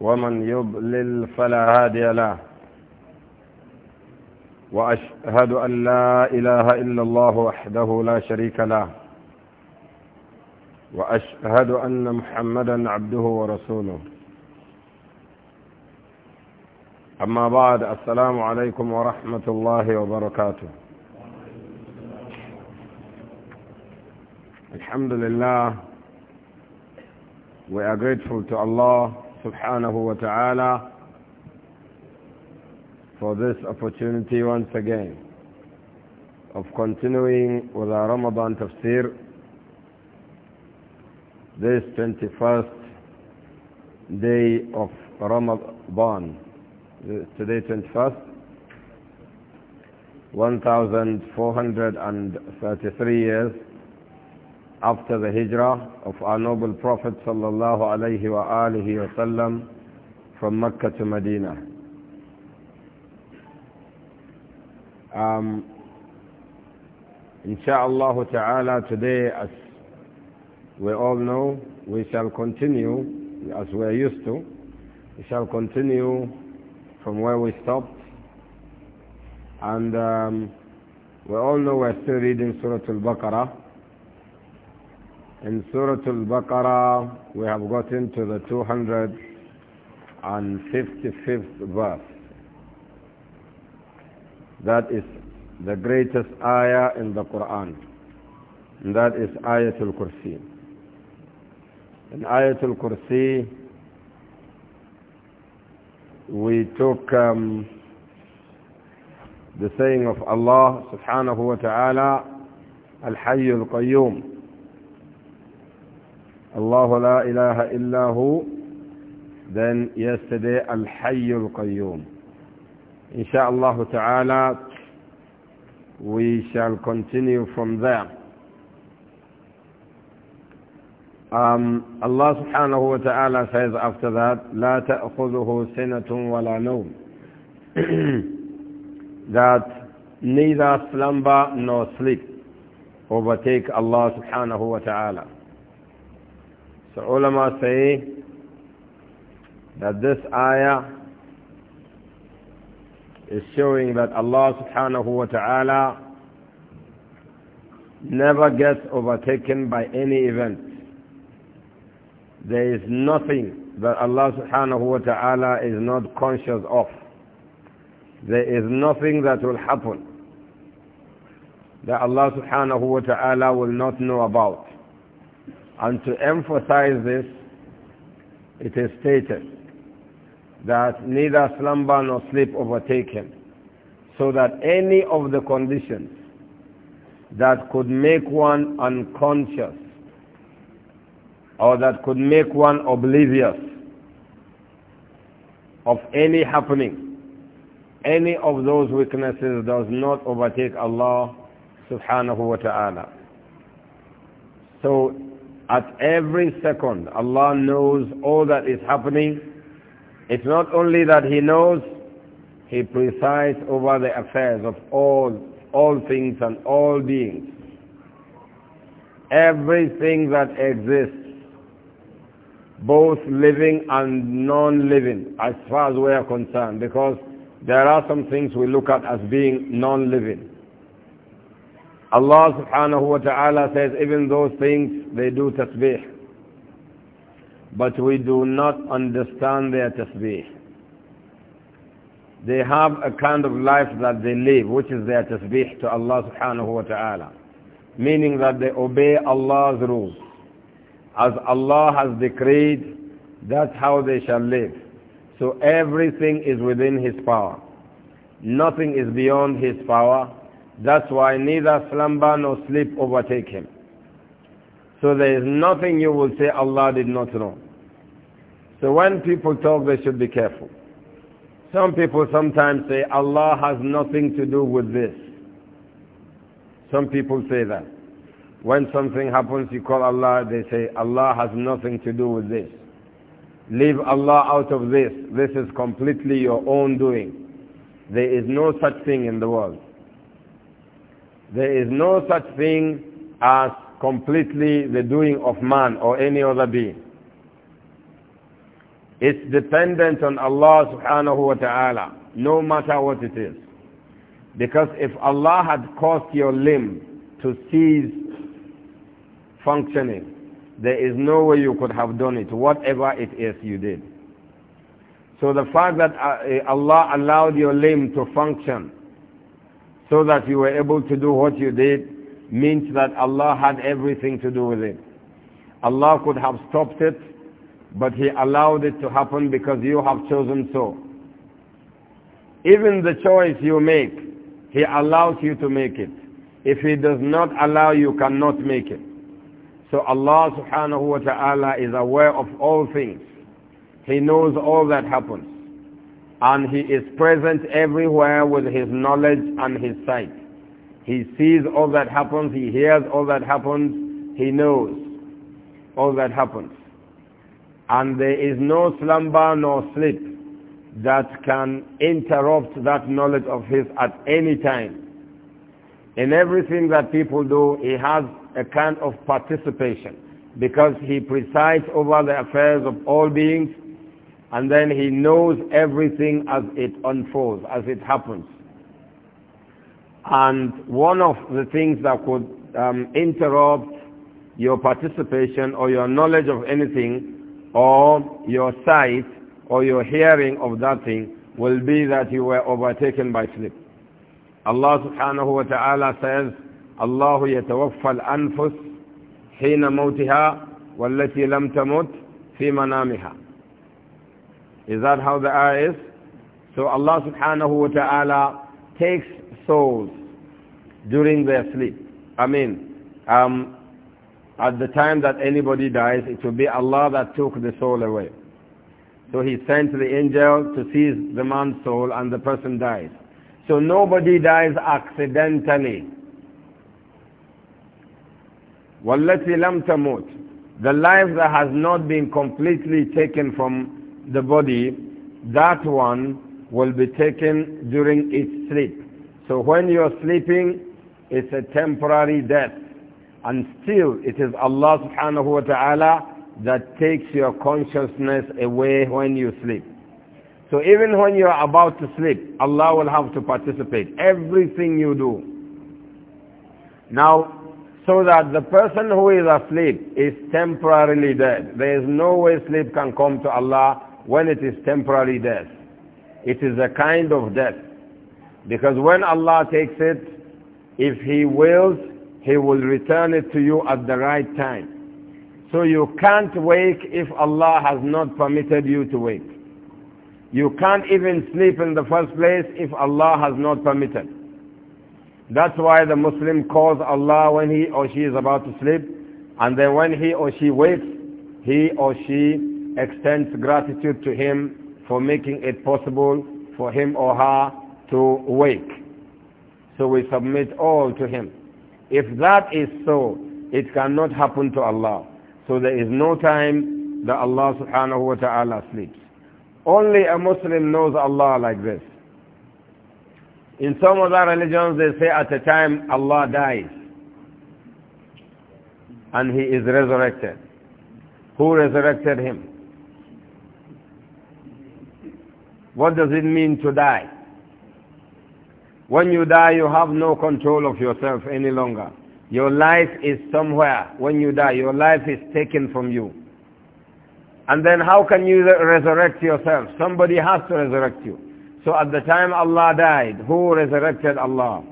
ومن يضلل فلا هادي له وأشهد أن لا إله إلا الله وحده لا شريك له وأشهد أن محمدا عبده ورسوله أما بعد السلام عليكم ورحمة الله وبركاته الحمد لله we are grateful to Allah subhanahu wa ta'ala for this opportunity once again of continuing with our Ramadan tafsir this 21st day of Ramadan today 21st 1433 years after the hijrah of our noble Prophet sallallahu alaihi wa alihi wasallam from Mecca to Medina. Um, Insha'Allah ta'ala today as we all know we shall continue as we are used to we shall continue from where we stopped and um, we all know we're still reading Surah Al-Baqarah in Surah Al-Baqarah, we have gotten to the 255th verse. That is the greatest ayah in the Quran. And that is Ayatul Kursi. In Ayatul Kursi, we took um, the saying of Allah subhanahu wa ta'ala, Al-Hayyul Qayyum. الله لا إله إلا هو then yesterday al القيوم إن qayyum الله Ta'ala, we shall continue from there. Um, Allah subhanahu wa ta'ala says after that, لا تأخذه سنة ولا نوم. that neither slumber nor sleep overtake Allah subhanahu wa ta'ala. ulama say that this ayah is showing that Allah subhanahu wa ta'ala never gets overtaken by any event. There is nothing that Allah subhanahu wa ta'ala is not conscious of. There is nothing that will happen that Allah subhanahu wa ta'ala will not know about. And to emphasize this, it is stated that neither slumber nor sleep overtake him, so that any of the conditions that could make one unconscious or that could make one oblivious of any happening, any of those weaknesses does not overtake Allah subhanahu wa ta'ala. So at every second, Allah knows all that is happening. It's not only that He knows, He presides over the affairs of all, all things and all beings. Everything that exists, both living and non-living, as far as we are concerned, because there are some things we look at as being non-living. Allah subhanahu wa ta'ala says even those things they do tasbih. But we do not understand their tasbih. They have a kind of life that they live which is their tasbih to Allah subhanahu wa ta'ala. Meaning that they obey Allah's rules. As Allah has decreed, that's how they shall live. So everything is within His power. Nothing is beyond His power that's why neither slumber nor sleep overtake him. So there is nothing you will say Allah did not know. So when people talk, they should be careful. Some people sometimes say Allah has nothing to do with this. Some people say that. When something happens, you call Allah, they say Allah has nothing to do with this. Leave Allah out of this. This is completely your own doing. There is no such thing in the world. There is no such thing as completely the doing of man or any other being. It's dependent on Allah subhanahu wa ta'ala, no matter what it is. Because if Allah had caused your limb to cease functioning, there is no way you could have done it, whatever it is you did. So the fact that uh, Allah allowed your limb to function so that you were able to do what you did means that Allah had everything to do with it. Allah could have stopped it, but He allowed it to happen because you have chosen so. Even the choice you make, He allows you to make it. If He does not allow you, cannot make it. So Allah subhanahu wa ta'ala is aware of all things. He knows all that happens and he is present everywhere with his knowledge and his sight. He sees all that happens, he hears all that happens, he knows all that happens. And there is no slumber nor sleep that can interrupt that knowledge of his at any time. In everything that people do, he has a kind of participation because he presides over the affairs of all beings and then he knows everything as it unfolds, as it happens. And one of the things that could um, interrupt your participation or your knowledge of anything or your sight or your hearing of that thing will be that you were overtaken by sleep. Allah subhanahu wa ta'ala says, Allah yatawaffa al-anfus hina mawtiha wallati lam tamut fi manamiha. Is that how the ayah is? So Allah subhanahu wa ta'ala takes souls during their sleep. I mean, um, at the time that anybody dies, it will be Allah that took the soul away. So he sent the angel to seize the man's soul and the person dies. So nobody dies accidentally. وَالَّتِي لَمْ تَمُوتْ The life that has not been completely taken from the body, that one will be taken during its sleep. So when you're sleeping, it's a temporary death. And still, it is Allah subhanahu wa ta'ala that takes your consciousness away when you sleep. So even when you are about to sleep, Allah will have to participate. Everything you do. Now, so that the person who is asleep is temporarily dead. There is no way sleep can come to Allah when it is temporary death. It is a kind of death. Because when Allah takes it, if He wills, He will return it to you at the right time. So you can't wake if Allah has not permitted you to wake. You can't even sleep in the first place if Allah has not permitted. That's why the Muslim calls Allah when he or she is about to sleep, and then when he or she wakes, he or she extends gratitude to him for making it possible for him or her to wake. So we submit all to him. If that is so, it cannot happen to Allah. So there is no time that Allah subhanahu wa ta'ala sleeps. Only a Muslim knows Allah like this. In some other religions they say at a time Allah dies and he is resurrected. Who resurrected him? What does it mean to die? When you die, you have no control of yourself any longer. Your life is somewhere. When you die, your life is taken from you. And then how can you resurrect yourself? Somebody has to resurrect you. So at the time Allah died, who resurrected Allah?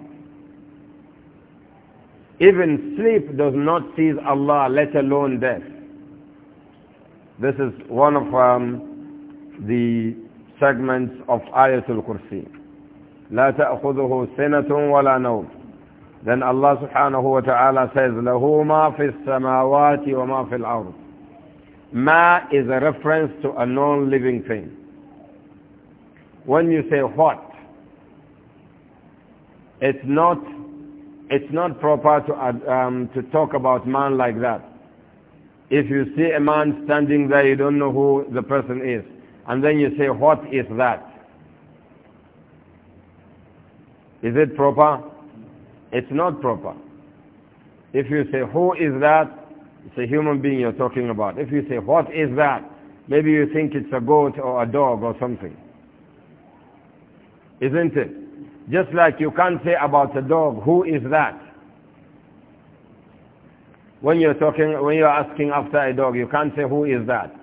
Even sleep does not seize Allah, let alone death. This is one of um, the segments of Ayatul Kursi. لا تأخذه سنة ولا نوم then Allah subhanahu wa ta'ala says له ما في السماوات وما في الأرض ما is a reference to a non-living thing when you say what it's not it's not proper to um, to talk about man like that if you see a man standing there you don't know who the person is and then you say, what is that? Is it proper? It's not proper. If you say, who is that? It's a human being you're talking about. If you say, what is that? Maybe you think it's a goat or a dog or something. Isn't it? Just like you can't say about a dog, who is that? When you're talking, when you're asking after a dog, you can't say, who is that?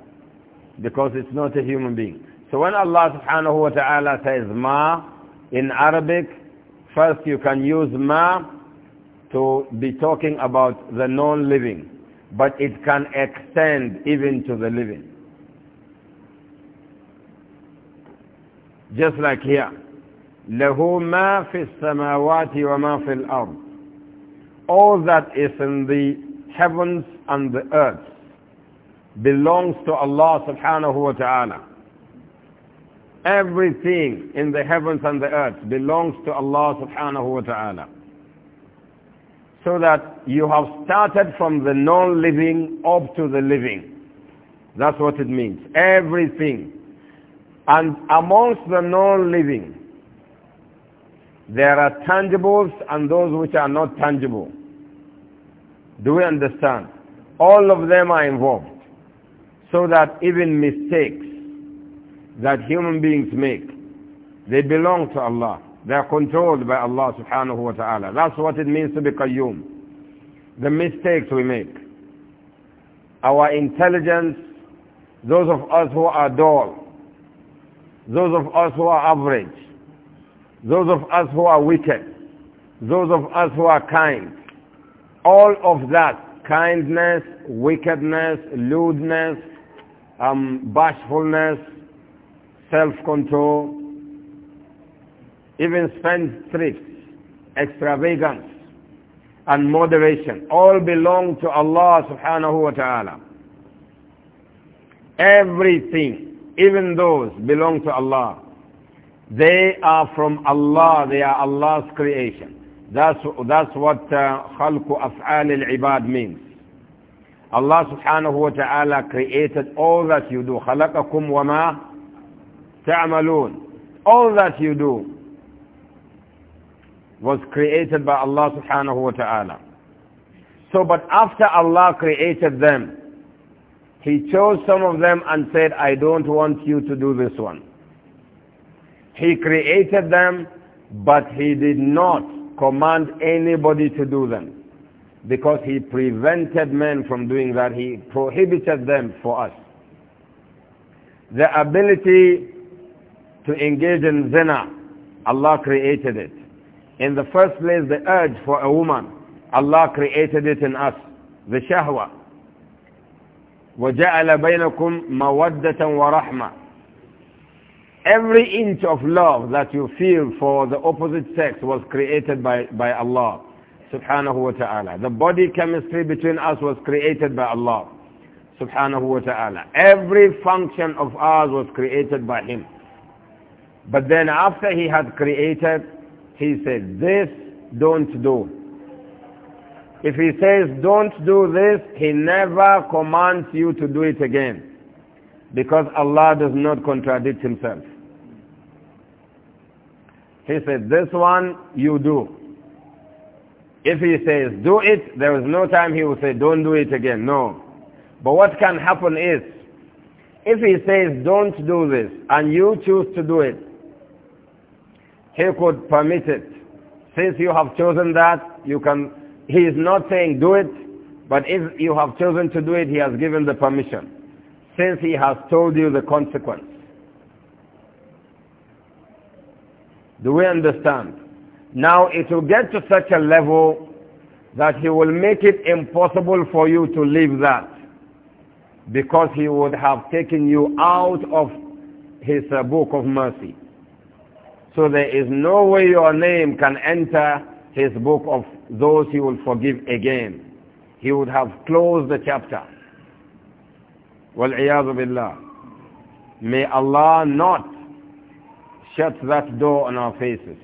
because it's not a human being. So when Allah subhanahu wa ta'ala says ma in Arabic, first you can use ma to be talking about the non-living, but it can extend even to the living. Just like here. له ما في السماوات وما في الأرض all that is in the heavens and the earth belongs to Allah subhanahu wa ta'ala. Everything in the heavens and the earth belongs to Allah subhanahu wa ta'ala. So that you have started from the non-living up to the living. That's what it means. Everything. And amongst the non-living, there are tangibles and those which are not tangible. Do we understand? All of them are involved so that even mistakes that human beings make, they belong to Allah. They are controlled by Allah subhanahu wa ta'ala. That's what it means to be qayyum. The mistakes we make. Our intelligence, those of us who are dull, those of us who are average, those of us who are wicked, those of us who are kind, all of that, kindness, wickedness, lewdness, um, bashfulness, self-control, even spendthrift, extravagance, and moderation all belong to Allah subhanahu wa ta'ala. Everything, even those, belong to Allah. They are from Allah, they are Allah's creation. That's, that's what uh, خلق أفعال العباد means. Allah subhanahu wa ta'ala created all that you do. خَلَقَكُمْ وَمَا تَعْمَلُونَ All that you do was created by Allah subhanahu wa ta'ala. So, but after Allah created them, He chose some of them and said, I don't want you to do this one. He created them, but He did not command anybody to do them because he prevented men from doing that. He prohibited them for us. The ability to engage in zina, Allah created it. In the first place, the urge for a woman, Allah created it in us, the shahwa. وَجَعَلَ بَيْنَكُمْ مَوَدَّةً وَرَحْمَةً Every inch of love that you feel for the opposite sex was created by, by Allah subhanahu wa ta'ala. The body chemistry between us was created by Allah subhanahu wa ta'ala. Every function of ours was created by Him. But then after He had created, He said, this don't do. If He says don't do this, He never commands you to do it again. Because Allah does not contradict Himself. He said, this one you do. If he says, do it, there is no time he will say, don't do it again. No. But what can happen is, if he says, don't do this, and you choose to do it, he could permit it. Since you have chosen that, you can, he is not saying do it, but if you have chosen to do it, he has given the permission. Since he has told you the consequence. Do we understand? Now it will get to such a level that he will make it impossible for you to leave that because he would have taken you out of his uh, book of mercy. So there is no way your name can enter his book of those he will forgive again. He would have closed the chapter. وَالْعِيَاذُ بِاللَّهِ May Allah not shut that door on our faces.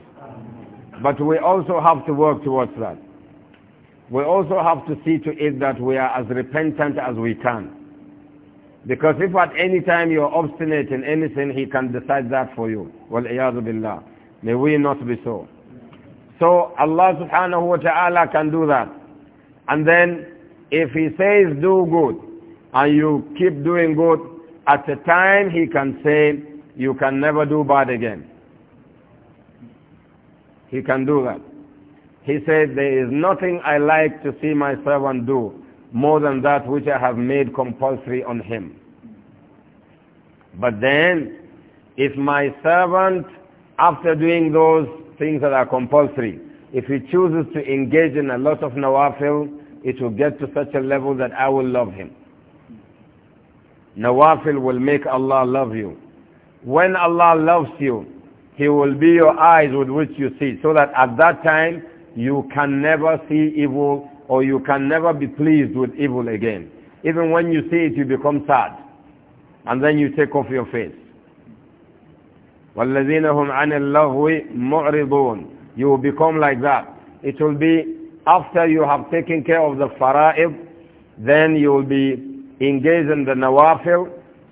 But we also have to work towards that. We also have to see to it that we are as repentant as we can. Because if at any time you are obstinate in anything, he can decide that for you. وَالْعِيَاذُ billah. May we not be so. So Allah subhanahu wa ta'ala can do that. And then if he says do good and you keep doing good, at the time he can say you can never do bad again. He can do that. He said, there is nothing I like to see my servant do more than that which I have made compulsory on him. But then, if my servant, after doing those things that are compulsory, if he chooses to engage in a lot of nawafil, it will get to such a level that I will love him. Nawafil will make Allah love you. When Allah loves you, he will be your eyes with which you see, so that at that time you can never see evil or you can never be pleased with evil again. Even when you see it, you become sad. And then you take off your face. وَالَّذِينَ هُمْ عَنِ اللَّغْوِ مُعْرِضُونَ You will become like that. It will be after you have taken care of the fara'ib, then you will be engaged in the nawafil,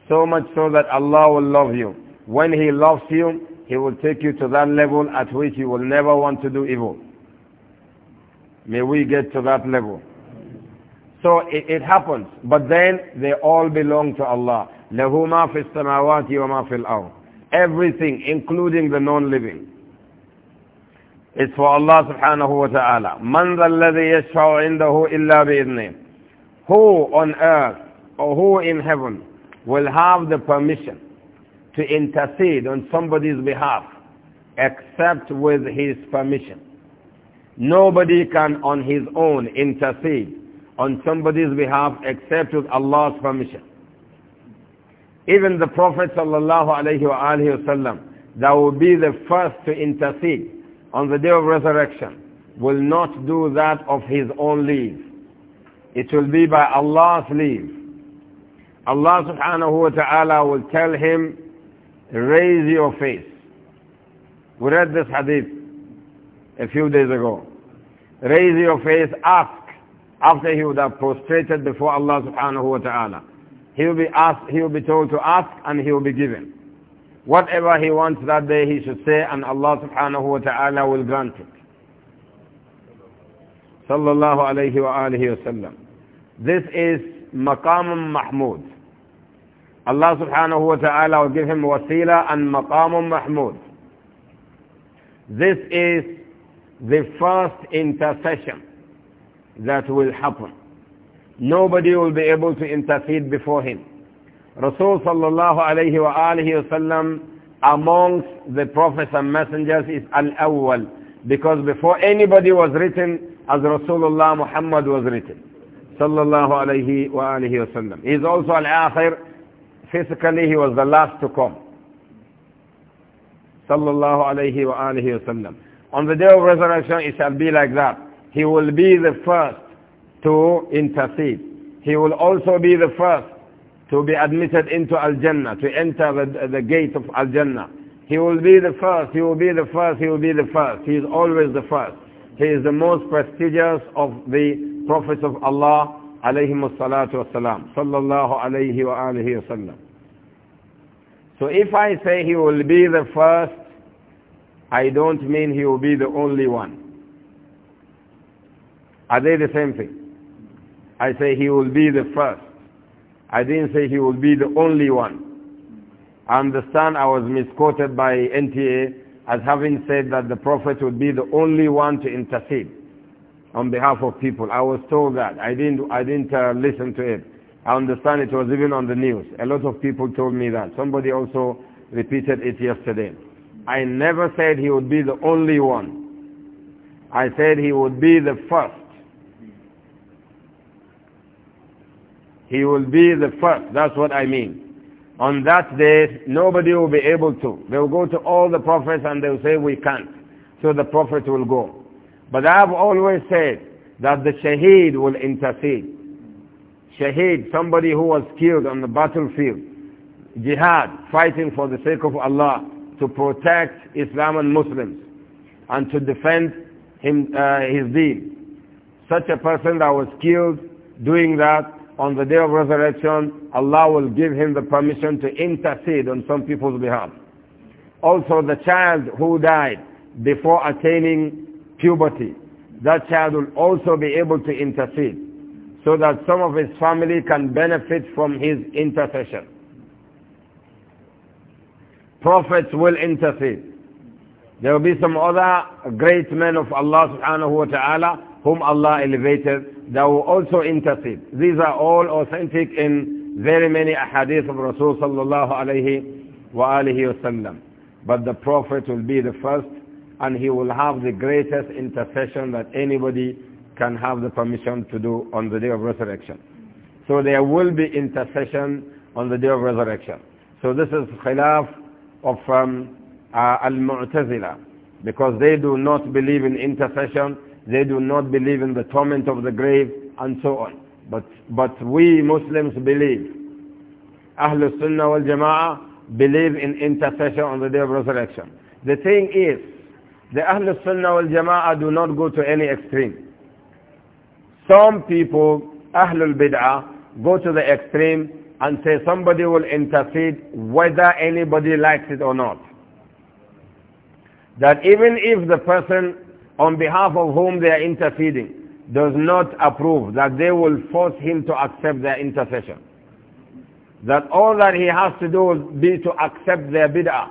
so much so that Allah will love you. When He loves you, he will take you to that level at which you will never want to do evil. May we get to that level. So it, it happens. But then they all belong to Allah. لَهُ مَا Everything, including the non-living. It's for Allah subhanahu wa ta'ala. مَنْ الَّذِي يَشْفَعُ عِنْدَهُ إِلَّا بِإِذْنِهِ Who on earth or who in heaven will have the permission to intercede on somebody's behalf except with his permission. Nobody can on his own intercede on somebody's behalf except with Allah's permission. Even the Prophet sallallahu that will be the first to intercede on the day of resurrection, will not do that of his own leave. It will be by Allah's leave. Allah subhanahu wa ta'ala will tell him Raise your face. We read this hadith a few days ago. Raise your face, ask. After he would have prostrated before Allah subhanahu wa ta'ala. He will be asked, he will be told to ask and he will be given. Whatever he wants that day he should say and Allah subhanahu wa ta'ala will grant it. Sallallahu alayhi wa alihi wa sallam. This is Maqam Mahmud. Allah subhanahu wa ta'ala will give him wasila and maqamun mahmud. This is the first intercession that will happen. Nobody will be able to intercede before him. Rasul sallallahu alayhi wa alihi wasallam amongst the prophets and messengers is al-awwal because before anybody was written as Rasulullah Muhammad was written sallallahu alayhi wa alihi wasallam. He is also al-akhir Physically, he was the last to come. Sallallahu alayhi wa wasallam. On the day of resurrection, it shall be like that. He will be the first to intercede. He will also be the first to be admitted into Al-Jannah, to enter the, the gate of Al-Jannah. He will be the first, he will be the first, he will be the first. He is always the first. He is the most prestigious of the prophets of Allah alayhim salatu wasalam, sallallahu alayhi wa alihi wasallam. So if I say he will be the first, I don't mean he will be the only one. Are they the same thing? I say he will be the first. I didn't say he will be the only one. I understand I was misquoted by NTA as having said that the Prophet would be the only one to intercede on behalf of people. I was told that. I didn't, I didn't uh, listen to it. I understand it was even on the news. A lot of people told me that. Somebody also repeated it yesterday. I never said he would be the only one. I said he would be the first. He will be the first. That's what I mean. On that day, nobody will be able to. They will go to all the prophets and they will say, we can't. So the prophet will go. But I have always said that the shaheed will intercede. Shaheed, somebody who was killed on the battlefield. Jihad, fighting for the sake of Allah to protect Islam and Muslims and to defend him, uh, his deen. Such a person that was killed doing that on the day of resurrection, Allah will give him the permission to intercede on some people's behalf. Also the child who died before attaining puberty, that child will also be able to intercede so that some of his family can benefit from his intercession. Prophets will intercede. There will be some other great men of Allah subhanahu wa ta'ala whom Allah elevated that will also intercede. These are all authentic in very many ahadith of Rasul sallallahu alayhi wa alihi wa sallam. But the Prophet will be the first and he will have the greatest intercession that anybody can have the permission to do on the day of resurrection. So there will be intercession on the day of resurrection. So this is khilaf of um, uh, Al-Mu'tazila because they do not believe in intercession, they do not believe in the torment of the grave and so on. But, but we Muslims believe, Ahlul Sunnah wal Jama'ah believe in intercession on the day of resurrection. The thing is, the Ahlul Sunnah wal Jama'ah do not go to any extreme. Some people, Ahlul Bid'ah, go to the extreme and say somebody will intercede whether anybody likes it or not. That even if the person on behalf of whom they are interceding does not approve, that they will force him to accept their intercession. That all that he has to do is be to accept their bid'ah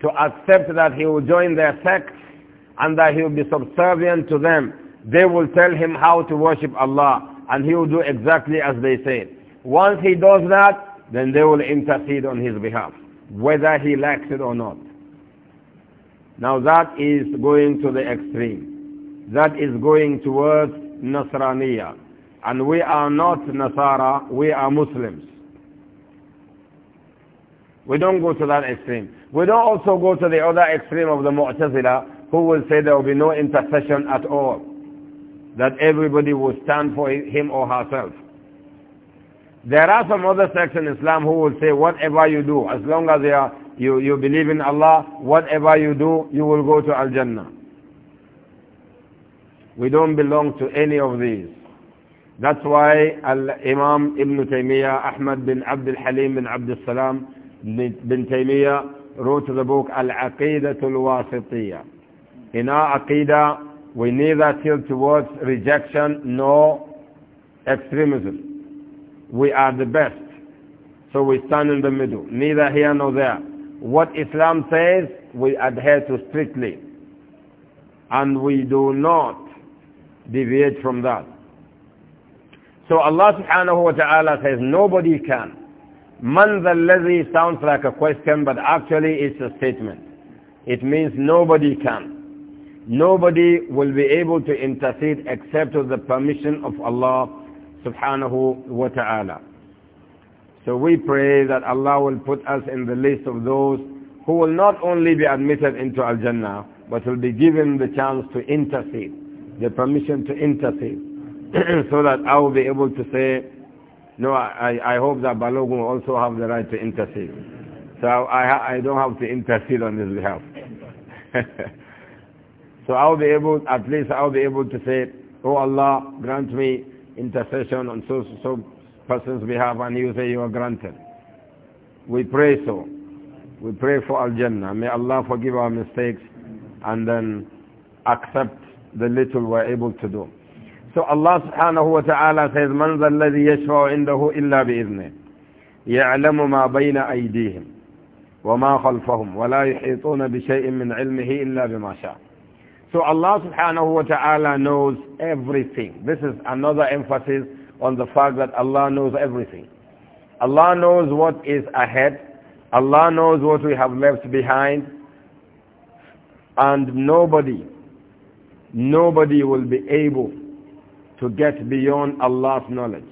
to accept that he will join their sect and that he will be subservient to them. They will tell him how to worship Allah and he will do exactly as they say. Once he does that, then they will intercede on his behalf, whether he likes it or not. Now that is going to the extreme. That is going towards Nasraniya. And we are not Nasara, we are Muslims. We don't go to that extreme. We don't also go to the other extreme of the Mu'tazila who will say there will be no intercession at all. That everybody will stand for him or herself. There are some other sects in Islam who will say whatever you do, as long as are, you, you believe in Allah, whatever you do, you will go to Al-Jannah. We don't belong to any of these. That's why Al Imam Ibn Taymiyyah Ahmad bin Abdul Halim bin Abdul Salam bin Taymiyyah wrote the book Al-Aqidatul Wasitiyah. In our Aqidah, we neither tilt towards rejection nor extremism. We are the best. So we stand in the middle, neither here nor there. What Islam says, we adhere to strictly. And we do not deviate from that. So Allah subhanahu wa ta'ala says nobody can Man الذي sounds like a question but actually it's a statement. It means nobody can. Nobody will be able to intercede except with the permission of Allah subhanahu wa ta'ala. So we pray that Allah will put us in the list of those who will not only be admitted into Al-Jannah, but will be given the chance to intercede, the permission to intercede, so that I will be able to say, no, I, I hope that Balogun also have the right to intercede. So I, I don't have to intercede on his behalf. so I'll be able, at least I'll be able to say, Oh Allah, grant me intercession on so, so, person's behalf and you say you are granted. We pray so. We pray for Al-Jannah. May Allah forgive our mistakes and then accept the little we're able to do. So Allah subhanahu wa ta'ala says, من ذا الذي يشفع عنده إلا بإذنه يعلم ما بين أيديهم وما خلفهم ولا يحيطون بشيء من علمه إلا بما شاء So Allah subhanahu wa ta'ala knows everything. This is another emphasis on the fact that Allah knows everything. Allah knows what is ahead. Allah knows what we have left behind. And nobody, nobody will be able to get beyond Allah's knowledge.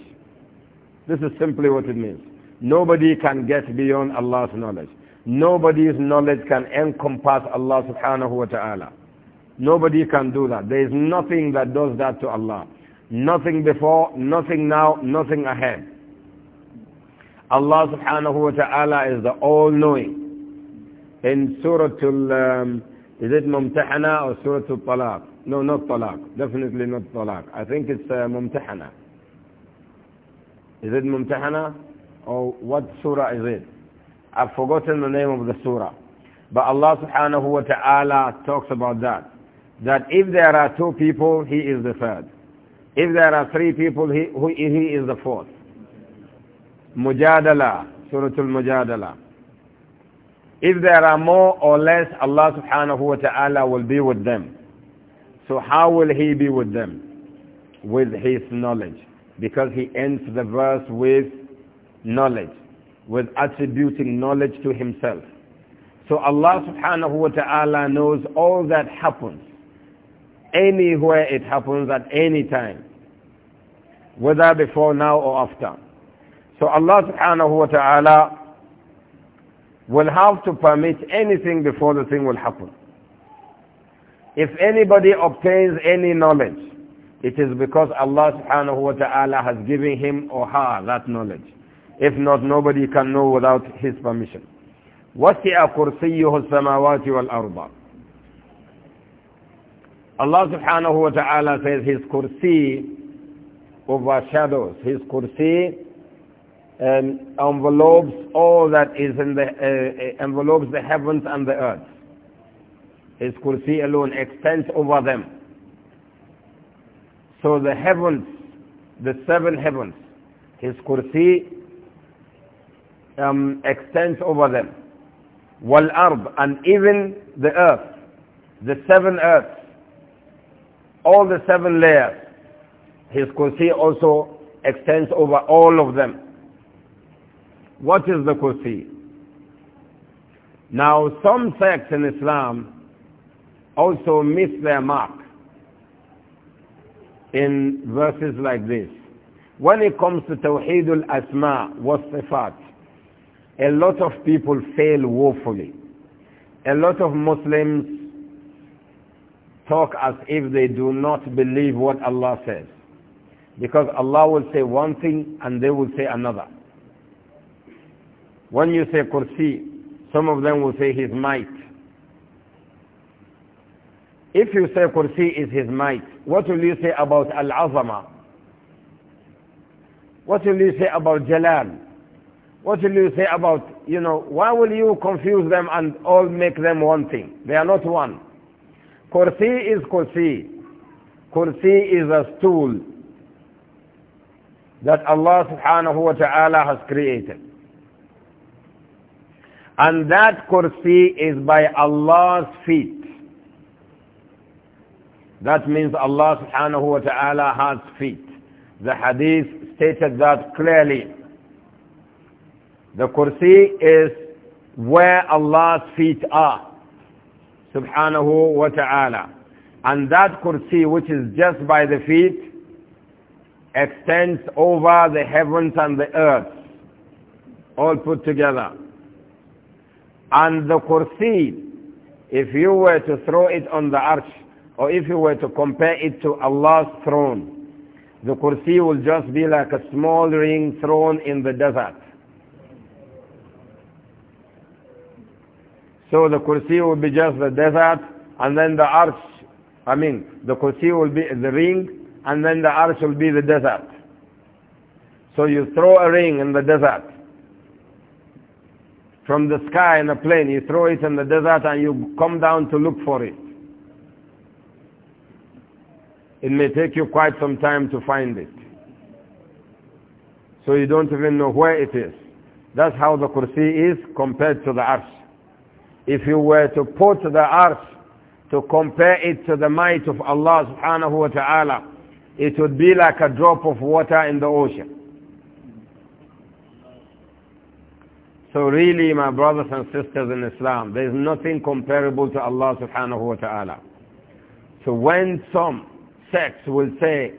This is simply what it means. Nobody can get beyond Allah's knowledge. Nobody's knowledge can encompass Allah subhanahu wa ta'ala. Nobody can do that. There is nothing that does that to Allah. Nothing before, nothing now, nothing ahead. Allah subhanahu wa ta'ala is the all-knowing. In Surah al um, is it Mumtahana or Surah Talaq? No, not Talaq. Definitely not Talaq. I think it's uh, Mumtahana. Is it Mumtahana? Or what surah is it? I've forgotten the name of the surah. But Allah subhanahu wa ta'ala talks about that. That if there are two people, He is the third. If there are three people, He, he is the fourth. Mujadala, Surah Al-Mujadala. If there are more or less, Allah subhanahu wa ta'ala will be with them. So how will He be with them? With His knowledge. Because He ends the verse with knowledge, with attributing knowledge to Himself. So Allah subhanahu wa ta'ala knows all that happens, anywhere it happens at any time, whether before now or after. So Allah subhanahu wa ta'ala will have to permit anything before the thing will happen. If anybody obtains any knowledge, it is because Allah subhanahu wa ta'ala has given him or her that knowledge. If not, nobody can know without his permission. وَسِعَ كُرْسِيُّهُ السَّمَاوَاتِ وَالْأَرْضَ Allah subhanahu wa ta'ala says his kursi overshadows, his kursi um, envelopes all that is in the uh, uh, envelopes the heavens and the earth. His kursi alone extends over them. So the heavens, the seven heavens, his kursi um, extends over them. Wal arb and even the earth, the seven earths, all the seven layers. His kursi also extends over all of them. What is the kursi? Now, some sects in Islam also miss their mark in verses like this. When it comes to Tawheedul al-Asma wa Sifat, a lot of people fail woefully. A lot of Muslims talk as if they do not believe what Allah says. Because Allah will say one thing and they will say another. When you say kursi, some of them will say his might. If you say kursi is his might, what will you say about al-azama? What will you say about jalal? What will you say about, you know, why will you confuse them and all make them one thing? They are not one. Kursi is kursi. Kursi is a stool that Allah subhanahu wa ta'ala has created. And that kursi is by Allah's feet. That means Allah subhanahu wa ta'ala has feet. The hadith stated that clearly. The kursi is where Allah's feet are. Subhanahu wa ta'ala. And that kursi which is just by the feet extends over the heavens and the earth. All put together. And the kursi, if you were to throw it on the arch, or if you were to compare it to Allah's throne, the kursi will just be like a small ring thrown in the desert. So the kursi will be just the desert, and then the arch, I mean, the kursi will be the ring, and then the arch will be the desert. So you throw a ring in the desert from the sky in a plane. You throw it in the desert and you come down to look for it. It may take you quite some time to find it. So you don't even know where it is. That's how the kursi is compared to the arsh. If you were to put the arsh to compare it to the might of Allah subhanahu wa ta'ala, it would be like a drop of water in the ocean. So really, my brothers and sisters in Islam, there is nothing comparable to Allah subhanahu wa ta'ala. So when some sects will say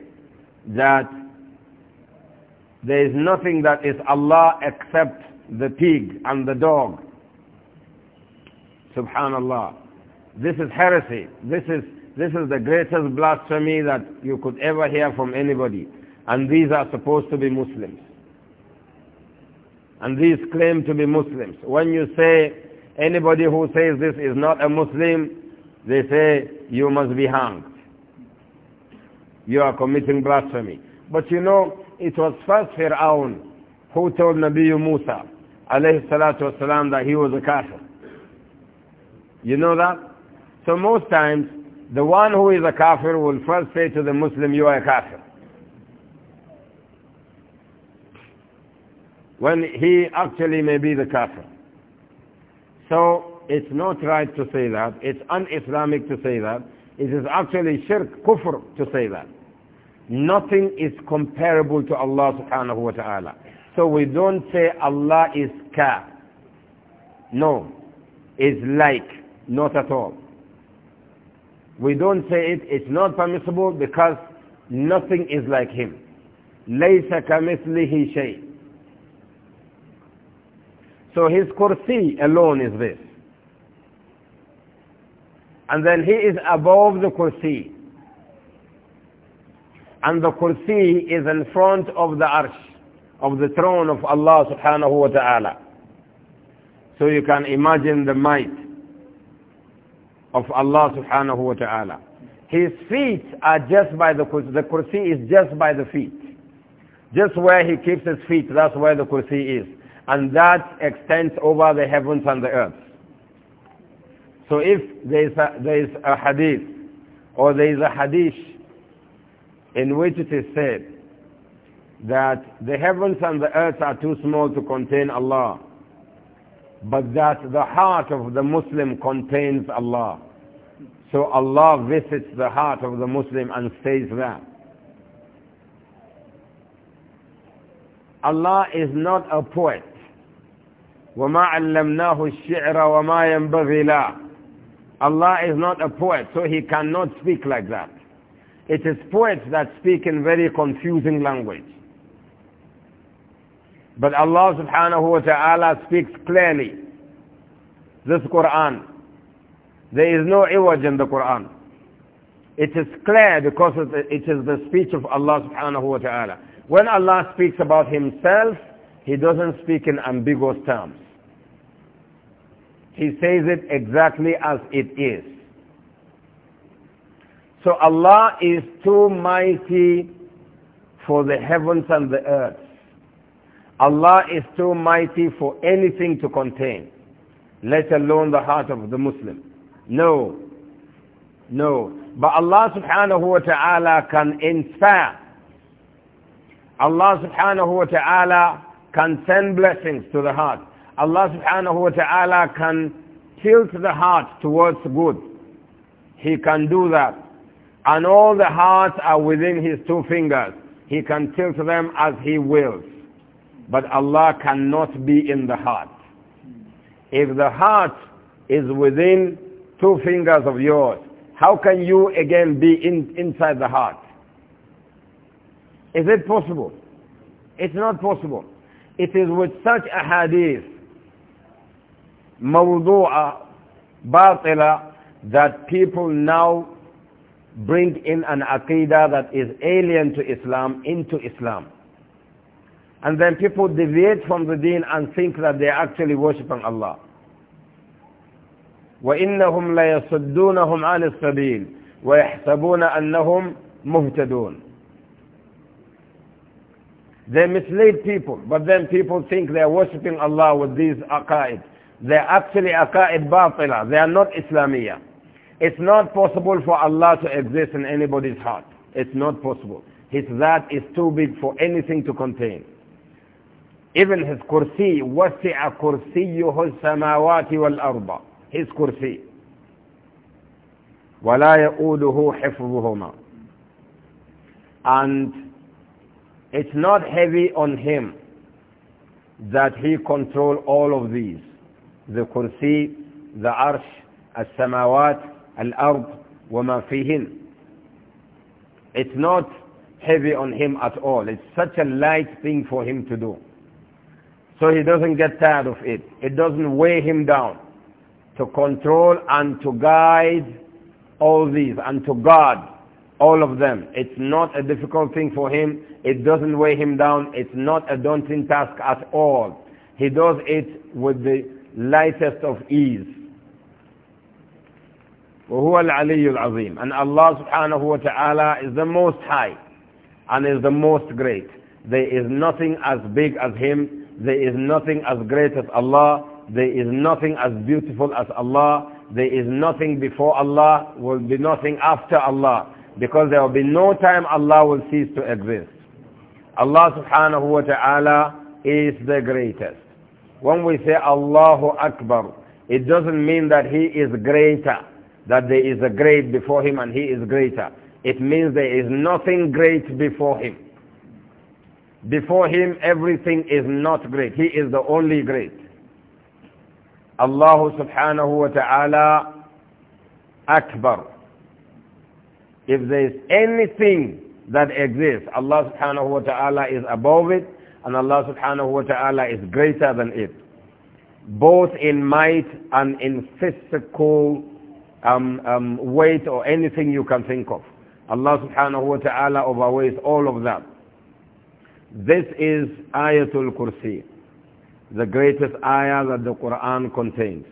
that there is nothing that is Allah except the pig and the dog, subhanallah, this is heresy. This is, this is the greatest blasphemy that you could ever hear from anybody. And these are supposed to be Muslims. And these claim to be Muslims. When you say anybody who says this is not a Muslim, they say you must be hanged. You are committing blasphemy. But you know, it was first Fir'aun who told Nabi Musa alayhi salatu wasalam that he was a kafir. You know that? So most times, the one who is a kafir will first say to the Muslim, you are a kafir. when he actually may be the kafir. So it's not right to say that. It's un-Islamic to say that. It is actually shirk, kufr to say that. Nothing is comparable to Allah subhanahu wa ta'ala. So we don't say Allah is ka. No. Is like. Not at all. We don't say it. It's not permissible because nothing is like him. لَيْسَ كَمِثْلِهِ شَيْءٍ so his kursi alone is this. And then he is above the kursi. And the kursi is in front of the arsh, of the throne of Allah subhanahu wa ta'ala. So you can imagine the might of Allah subhanahu wa ta'ala. His feet are just by the kursi. The kursi is just by the feet. Just where he keeps his feet, that's where the kursi is and that extends over the heavens and the earth. So if there is a, there is a hadith or there is a hadith in which it is said that the heavens and the earth are too small to contain Allah, but that the heart of the Muslim contains Allah. So Allah visits the heart of the Muslim and stays there. Allah is not a poet. وَمَا عَلَّمْنَاهُ الشِّعْرَ وَمَا يَنْبَغِي Allah is not a poet, so he cannot speak like that. It is poets that speak in very confusing language. But Allah subhanahu wa ta'ala speaks clearly. This Quran. There is no iwaj in the Quran. It is clear because it is the speech of Allah subhanahu wa ta'ala. When Allah speaks about himself, he doesn't speak in ambiguous terms. He says it exactly as it is. So Allah is too mighty for the heavens and the earth. Allah is too mighty for anything to contain, let alone the heart of the Muslim. No. No. But Allah subhanahu wa ta'ala can inspire. Allah subhanahu wa ta'ala can send blessings to the heart. Allah subhanahu wa ta'ala can tilt the heart towards good. He can do that. And all the hearts are within his two fingers. He can tilt them as he wills. But Allah cannot be in the heart. If the heart is within two fingers of yours, how can you again be in, inside the heart? Is it possible? It's not possible. It is with such a hadith mawdu'a, batila, that people now bring in an aqidah that is alien to Islam into Islam. And then people deviate from the deen and think that they are actually worshipping Allah. وإنهم ليصدونهم عن السبيل ويحسبون أنهم مهتدون They mislead people, but then people think they are worshipping Allah with these aqaid. They're actually aqa'id batila. They are not Islamia. It's not possible for Allah to exist in anybody's heart. It's not possible. His that is too big for anything to contain. Even his kursi, وَسِعَ كُرْسِيُّهُ السَّمَاوَاتِ وَالْأَرْضَ His kursi. وَلَا يَؤُودُهُ حِفْظُهُمَا And it's not heavy on him that he control all of these the كرسي, the arsh, as-samawat, al-ard, وَمَا فِيهِنْ It's not heavy on him at all. It's such a light thing for him to do. So he doesn't get tired of it. It doesn't weigh him down to control and to guide all these and to guard all of them. It's not a difficult thing for him. It doesn't weigh him down. It's not a daunting task at all. He does it with the lightest of ease. وهو العلي العظيم and Allah subhanahu wa ta'ala is the most high and is the most great there is nothing as big as him there is nothing as great as Allah there is nothing as beautiful as Allah there is nothing before Allah will be nothing after Allah because there will be no time Allah will cease to exist Allah subhanahu wa ta'ala is the greatest when we say Allahu Akbar, it doesn't mean that he is greater, that there is a great before him and he is greater. It means there is nothing great before him. Before him, everything is not great. He is the only great. Allah subhanahu wa ta'ala akbar. If there is anything that exists, Allah subhanahu wa ta'ala is above it and Allah subhanahu wa ta'ala is greater than it, both in might and in physical um, um, weight or anything you can think of. Allah subhanahu wa ta'ala overweighs all of that. This is Ayatul Kursi, the greatest ayah that the Quran contains.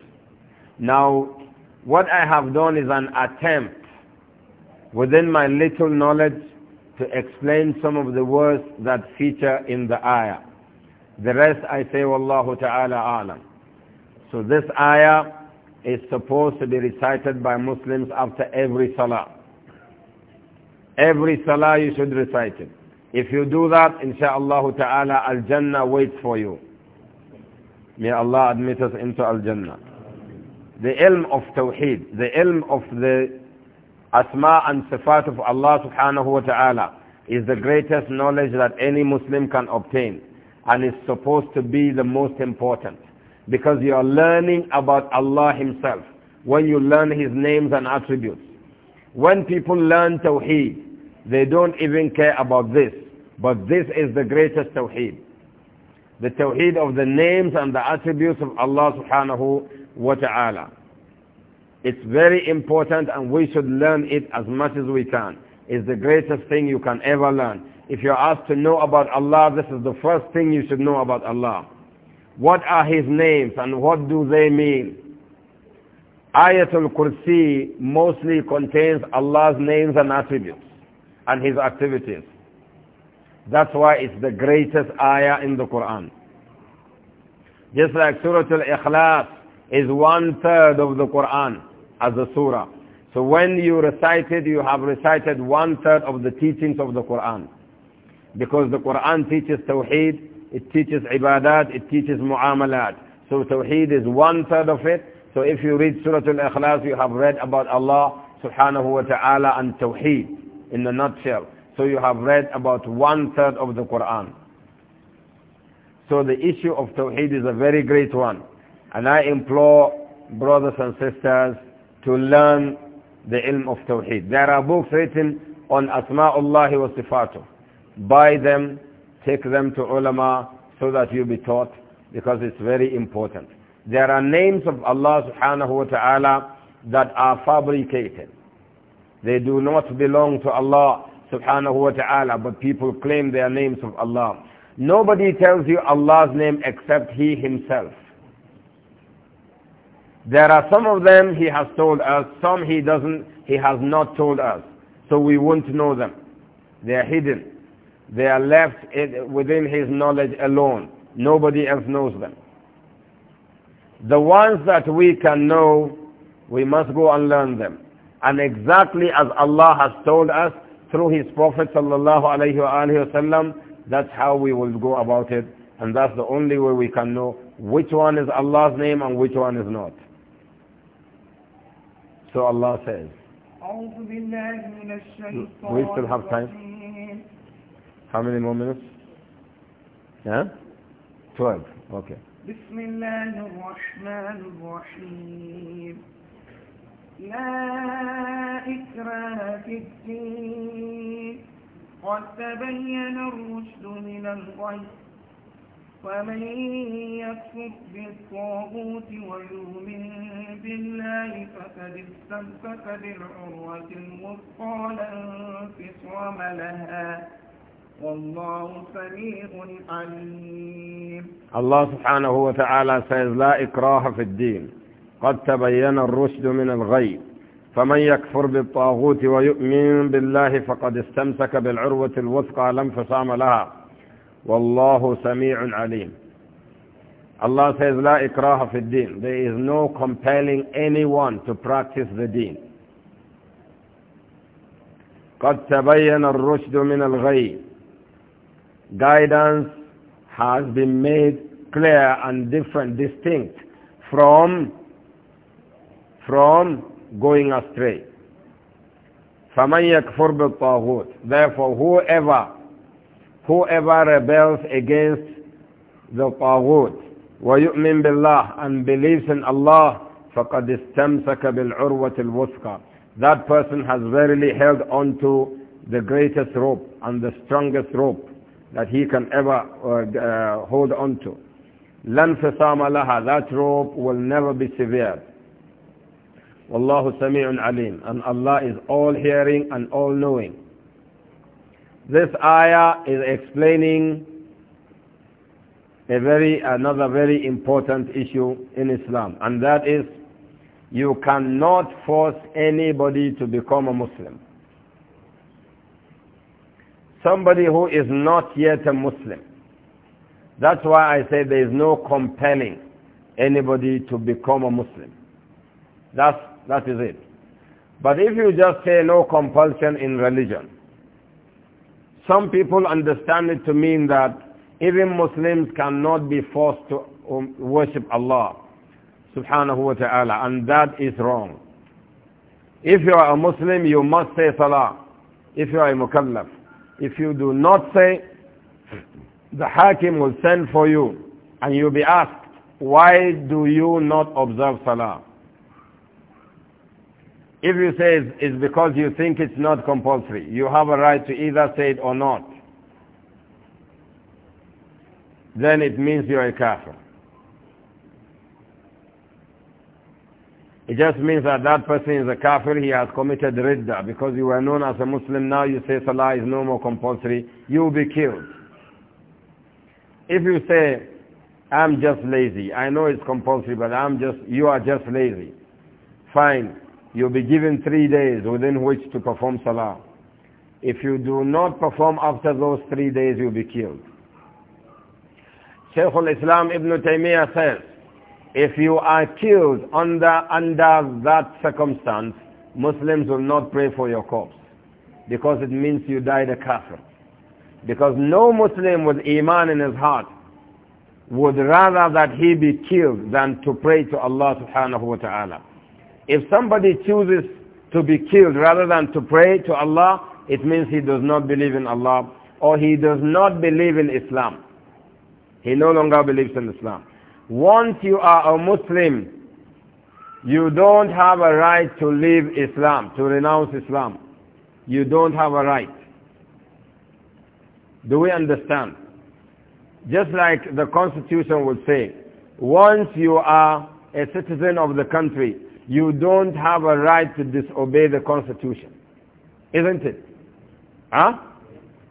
Now, what I have done is an attempt within my little knowledge to explain some of the words that feature in the ayah. The rest I say Wallahu ta'ala alam. So this ayah is supposed to be recited by Muslims after every salah. Every salah you should recite it. If you do that, insha'Allah ta'ala, Al-Jannah waits for you. May Allah admit us into Al-Jannah. The ilm of Tawheed, the ilm of the asma and sifat of Allah subhanahu wa ta'ala is the greatest knowledge that any Muslim can obtain and is supposed to be the most important because you are learning about Allah himself when you learn his names and attributes. When people learn Tawheed, they don't even care about this, but this is the greatest Tawheed. The Tawheed of the names and the attributes of Allah subhanahu wa ta'ala. It's very important and we should learn it as much as we can. It's the greatest thing you can ever learn. If you're asked to know about Allah, this is the first thing you should know about Allah. What are His names and what do they mean? Ayatul Kursi mostly contains Allah's names and attributes and His activities. That's why it's the greatest ayah in the Quran. Just like Surah Al-Ikhlas is one third of the Quran as a surah. So when you recited, you have recited one-third of the teachings of the Quran. Because the Quran teaches Tawheed, it teaches Ibadat, it teaches Mu'amalat. So Tawheed is one-third of it. So if you read Surah Al-Ikhlas, you have read about Allah subhanahu wa ta'ala and Tawheed in a nutshell. So you have read about one-third of the Quran. So the issue of Tawheed is a very great one. And I implore brothers and sisters to learn the ilm of Tawheed. There are books written on Asma'ullah wa Sifatuh. Buy them, take them to ulama so that you be taught because it's very important. There are names of Allah subhanahu wa ta'ala that are fabricated. They do not belong to Allah subhanahu wa ta'ala, but people claim they are names of Allah. Nobody tells you Allah's name except He Himself. There are some of them he has told us, some he doesn't, he has not told us. So we won't know them. They are hidden. They are left within his knowledge alone. Nobody else knows them. The ones that we can know, we must go and learn them. And exactly as Allah has told us through His Prophet sallallahu that's how we will go about it. And that's the only way we can know which one is Allah's name and which one is not. So Allah says, we still have time? How many more minutes? Yeah? Twelve. Okay. بسم الله الرحمن الرحيم لا إكراه في الدين قد تبين الرشد من فمن يكفر بالطاغوت ويؤمن بالله فقد استمسك بالعروة الوثقى لا انفصام لها والله سميع عليم الله سبحانه وتعالى says لا إكراه في الدين قد تبين الرشد من الغي فمن يكفر بالطاغوت ويؤمن بالله فقد استمسك بالعروة الوثقى لا انفصام لها Wallahu sami'un alim. Allah says, لا إكراه في الدين. There is no compelling anyone to practice the deen. قد تبين الرشد من الغي. Guidance has been made clear and different, distinct from, from going astray. فَمَنْ يَكْفُرْ بِالطَّاغُوتِ Therefore, whoever whoever rebels against the Tawud ويؤمن بالله and believes in Allah فقد استمسك بالعروة الوثقى that person has verily held on to the greatest rope and the strongest rope that he can ever uh, uh hold on to لن فصام لها that rope will never be severed والله سميع عليم and Allah is all hearing and all knowing this ayah is explaining a very, another very important issue in Islam, and that is you cannot force anybody to become a Muslim. Somebody who is not yet a Muslim. That's why I say there is no compelling anybody to become a Muslim. That's, that is it. But if you just say no compulsion in religion, some people understand it to mean that even Muslims cannot be forced to um, worship Allah subhanahu wa ta'ala and that is wrong. If you are a Muslim, you must say salah. If you are a mukallaf. If you do not say, the hakim will send for you and you'll be asked, why do you not observe salah? If you say it's because you think it's not compulsory, you have a right to either say it or not. Then it means you're a kafir. It just means that that person is a kafir, he has committed ridda. Because you were known as a Muslim, now you say salah is no more compulsory, you will be killed. If you say, I'm just lazy, I know it's compulsory, but I'm just, you are just lazy. Fine, You'll be given three days within which to perform salah. If you do not perform after those three days, you'll be killed. Shaykh al-Islam Ibn Taymiyyah says, if you are killed under, under that circumstance, Muslims will not pray for your corpse because it means you died a kafir. Because no Muslim with iman in his heart would rather that he be killed than to pray to Allah subhanahu wa ta'ala. If somebody chooses to be killed rather than to pray to Allah, it means he does not believe in Allah or he does not believe in Islam. He no longer believes in Islam. Once you are a Muslim, you don't have a right to leave Islam, to renounce Islam. You don't have a right. Do we understand? Just like the Constitution would say, once you are a citizen of the country, you don't have a right to disobey the Constitution. Isn't it? Huh?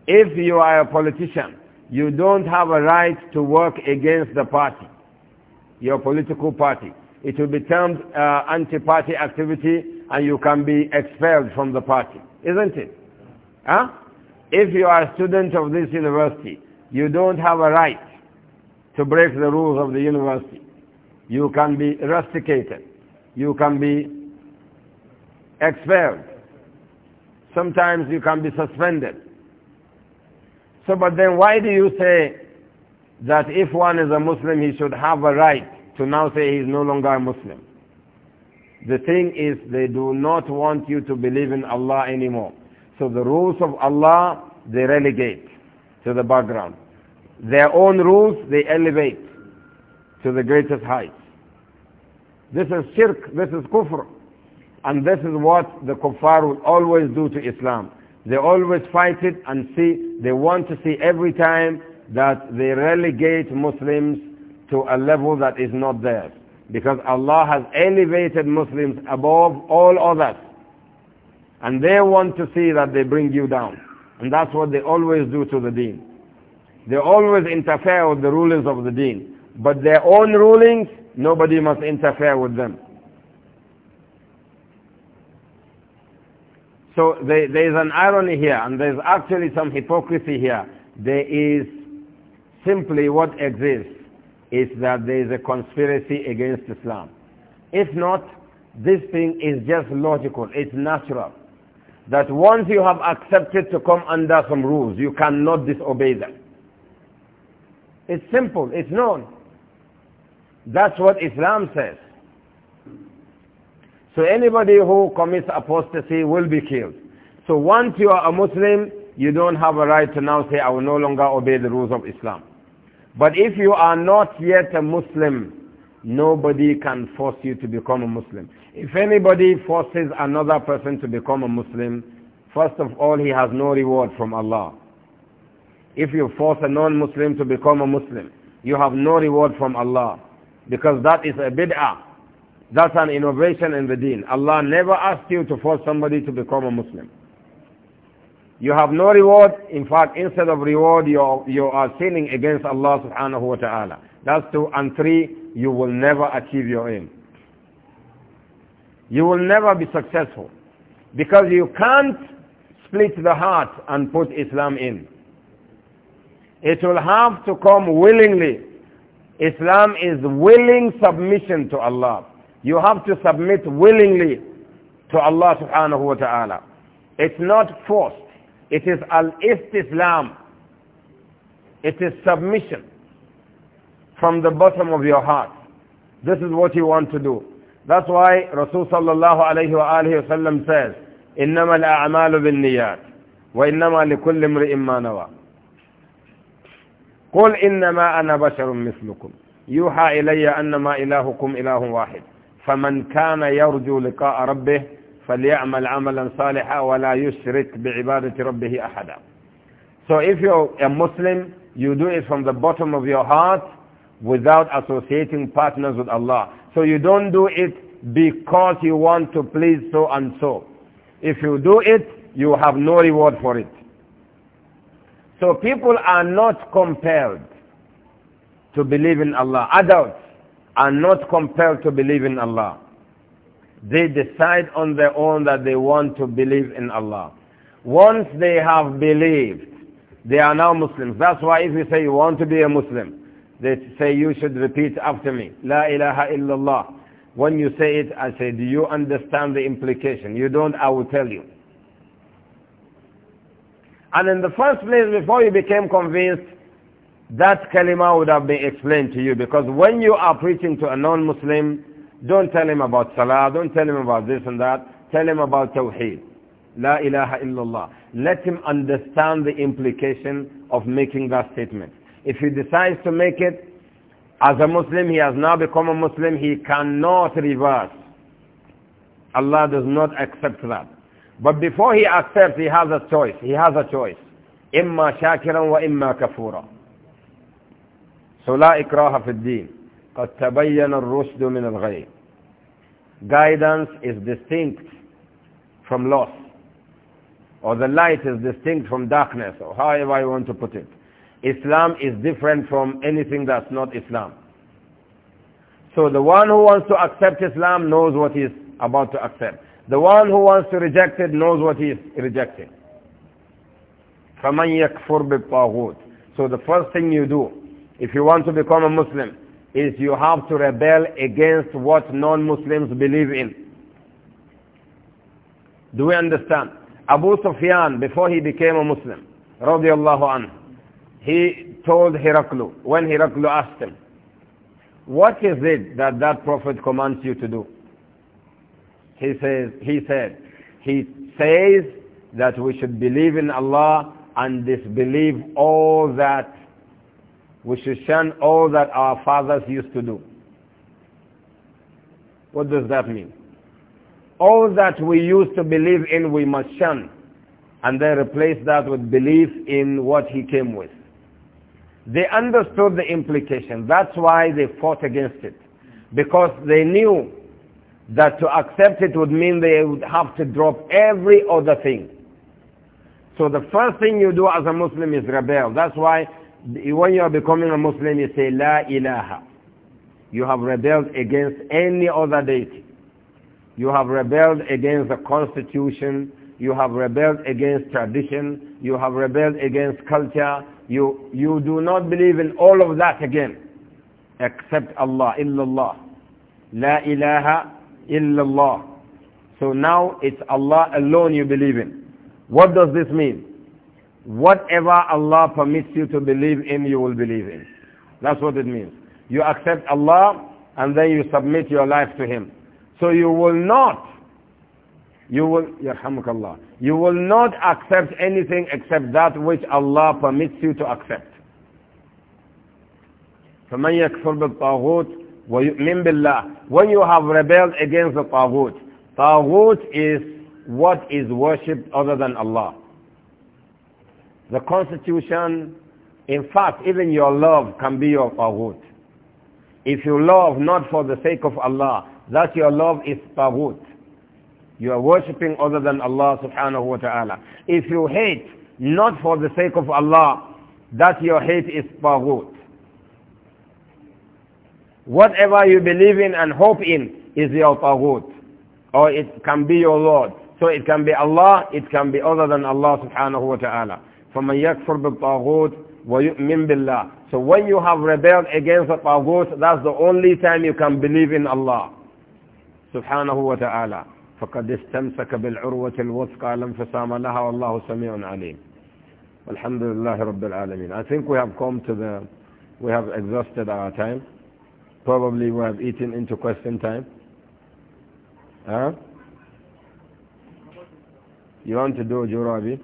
If you are a politician, you don't have a right to work against the party, your political party. It will be termed uh, anti-party activity and you can be expelled from the party. Isn't it? Huh? If you are a student of this university, you don't have a right to break the rules of the university. You can be rusticated you can be expelled. Sometimes you can be suspended. So, but then why do you say that if one is a Muslim, he should have a right to now say he is no longer a Muslim? The thing is, they do not want you to believe in Allah anymore. So the rules of Allah, they relegate to the background. Their own rules, they elevate to the greatest height. This is shirk, this is kufr. And this is what the kuffar will always do to Islam. They always fight it and see, they want to see every time that they relegate Muslims to a level that is not theirs. Because Allah has elevated Muslims above all others. And they want to see that they bring you down. And that's what they always do to the deen. They always interfere with the rulings of the deen. But their own rulings Nobody must interfere with them. So there is an irony here, and there is actually some hypocrisy here. There is simply what exists is that there is a conspiracy against Islam. If not, this thing is just logical, it's natural. That once you have accepted to come under some rules, you cannot disobey them. It's simple, it's known. That's what Islam says. So anybody who commits apostasy will be killed. So once you are a Muslim, you don't have a right to now say, I will no longer obey the rules of Islam. But if you are not yet a Muslim, nobody can force you to become a Muslim. If anybody forces another person to become a Muslim, first of all, he has no reward from Allah. If you force a non-Muslim to become a Muslim, you have no reward from Allah. Because that is a bid'ah. That's an innovation in the deen. Allah never asked you to force somebody to become a Muslim. You have no reward. In fact, instead of reward, you are, you are sinning against Allah subhanahu wa ta'ala. That's two. And three, you will never achieve your aim. You will never be successful. Because you can't split the heart and put Islam in. It will have to come willingly Islam is willing submission to Allah. You have to submit willingly to Allah subhanahu wa ta'ala. It's not forced. It is al-istislam. It is submission from the bottom of your heart. This is what you want to do. That's why Rasul sallallahu alayhi wa alihi wa sallam says, إِنَّمَا الْأَعْمَالُ بِالنِّيَّاتِ وَإِنَّمَا لِكُلِّ امْرِئٍ نَوَى قل إنما أنا بشر مثلكم يوحى إلي أنما إلهكم إله واحد فمن كان يرجو لقاء ربه فليعمل عملا صالحا ولا يشرك بعبادة ربه أحدا So if you're a Muslim, you do it from the bottom of your heart without associating partners with Allah. So you don't do it because you want to please so and so. If you do it, you have no reward for it. So people are not compelled to believe in Allah. Adults are not compelled to believe in Allah. They decide on their own that they want to believe in Allah. Once they have believed, they are now Muslims. That's why if you say you want to be a Muslim, they say you should repeat after me, La ilaha illallah. When you say it, I say, do you understand the implication? You don't, I will tell you. And in the first place, before you became convinced, that kalima would have been explained to you. Because when you are preaching to a non-Muslim, don't tell him about salah, don't tell him about this and that. Tell him about tawheed. La ilaha illallah. Let him understand the implication of making that statement. If he decides to make it, as a Muslim, he has now become a Muslim, he cannot reverse. Allah does not accept that. But before he accepts, he has a choice. He has a choice. إِمَّا شَاكِرًا وَإِمَّا كَفُورًا So لا إكراه في الدين. قد تبين الرشد من الغي. Guidance is distinct from loss. Or the light is distinct from darkness, or however you want to put it. Islam is different from anything that's not Islam. So the one who wants to accept Islam knows what he is about to accept. The one who wants to reject it knows what he is rejecting. فَمَنْ يَكْفُرْ بِالطَّاغُوتِ So the first thing you do, if you want to become a Muslim, is you have to rebel against what non-Muslims believe in. Do we understand? Abu Sufyan, before he became a Muslim, radiallahu anhu, he told Heraklu, when Heraklu asked him, what is it that that prophet commands you to do? He says, he said, he says that we should believe in Allah and disbelieve all that, we should shun all that our fathers used to do. What does that mean? All that we used to believe in we must shun and then replace that with belief in what he came with. They understood the implication. That's why they fought against it. Because they knew that to accept it would mean they would have to drop every other thing. So the first thing you do as a Muslim is rebel. That's why when you are becoming a Muslim, you say, La ilaha. You have rebelled against any other deity. You have rebelled against the constitution. You have rebelled against tradition. You have rebelled against culture. You, you do not believe in all of that again. Except Allah, illallah. La ilaha illallah. So now it's Allah alone you believe in. What does this mean? Whatever Allah permits you to believe in, you will believe in. That's what it means. You accept Allah and then you submit your life to Him. So you will not, you will, Allah, you will not accept anything except that which Allah permits you to accept. فمن يكفر بالطاغوت وَيُؤْمِن بِاللَّهِ When you have rebelled against the Tawhut, Tawhut is what is worshipped other than Allah. The constitution, in fact, even your love can be your Tawhut. If you love not for the sake of Allah, that your love is Tawhut. You are worshipping other than Allah subhanahu wa ta'ala. If you hate not for the sake of Allah, that your hate is Tawhut. Whatever you believe in and hope in is your taghut. Or it can be your Lord. So it can be Allah, it can be other than Allah subhanahu wa ta'ala. فَمَنْ يَكْفُرْ بِالطَّاغُوتِ وَيُؤْمِنْ بِاللَّهِ So when you have rebelled against the taghut, that's the only time you can believe in Allah subhanahu wa ta'ala. فقد استمسك بالعروة الوثقى لم فسام لها والله سميع عليم والحمد لله رب العالمين I think we have come to the we have exhausted our time Probably we have eaten into question time. Huh? You want to do Jurabi?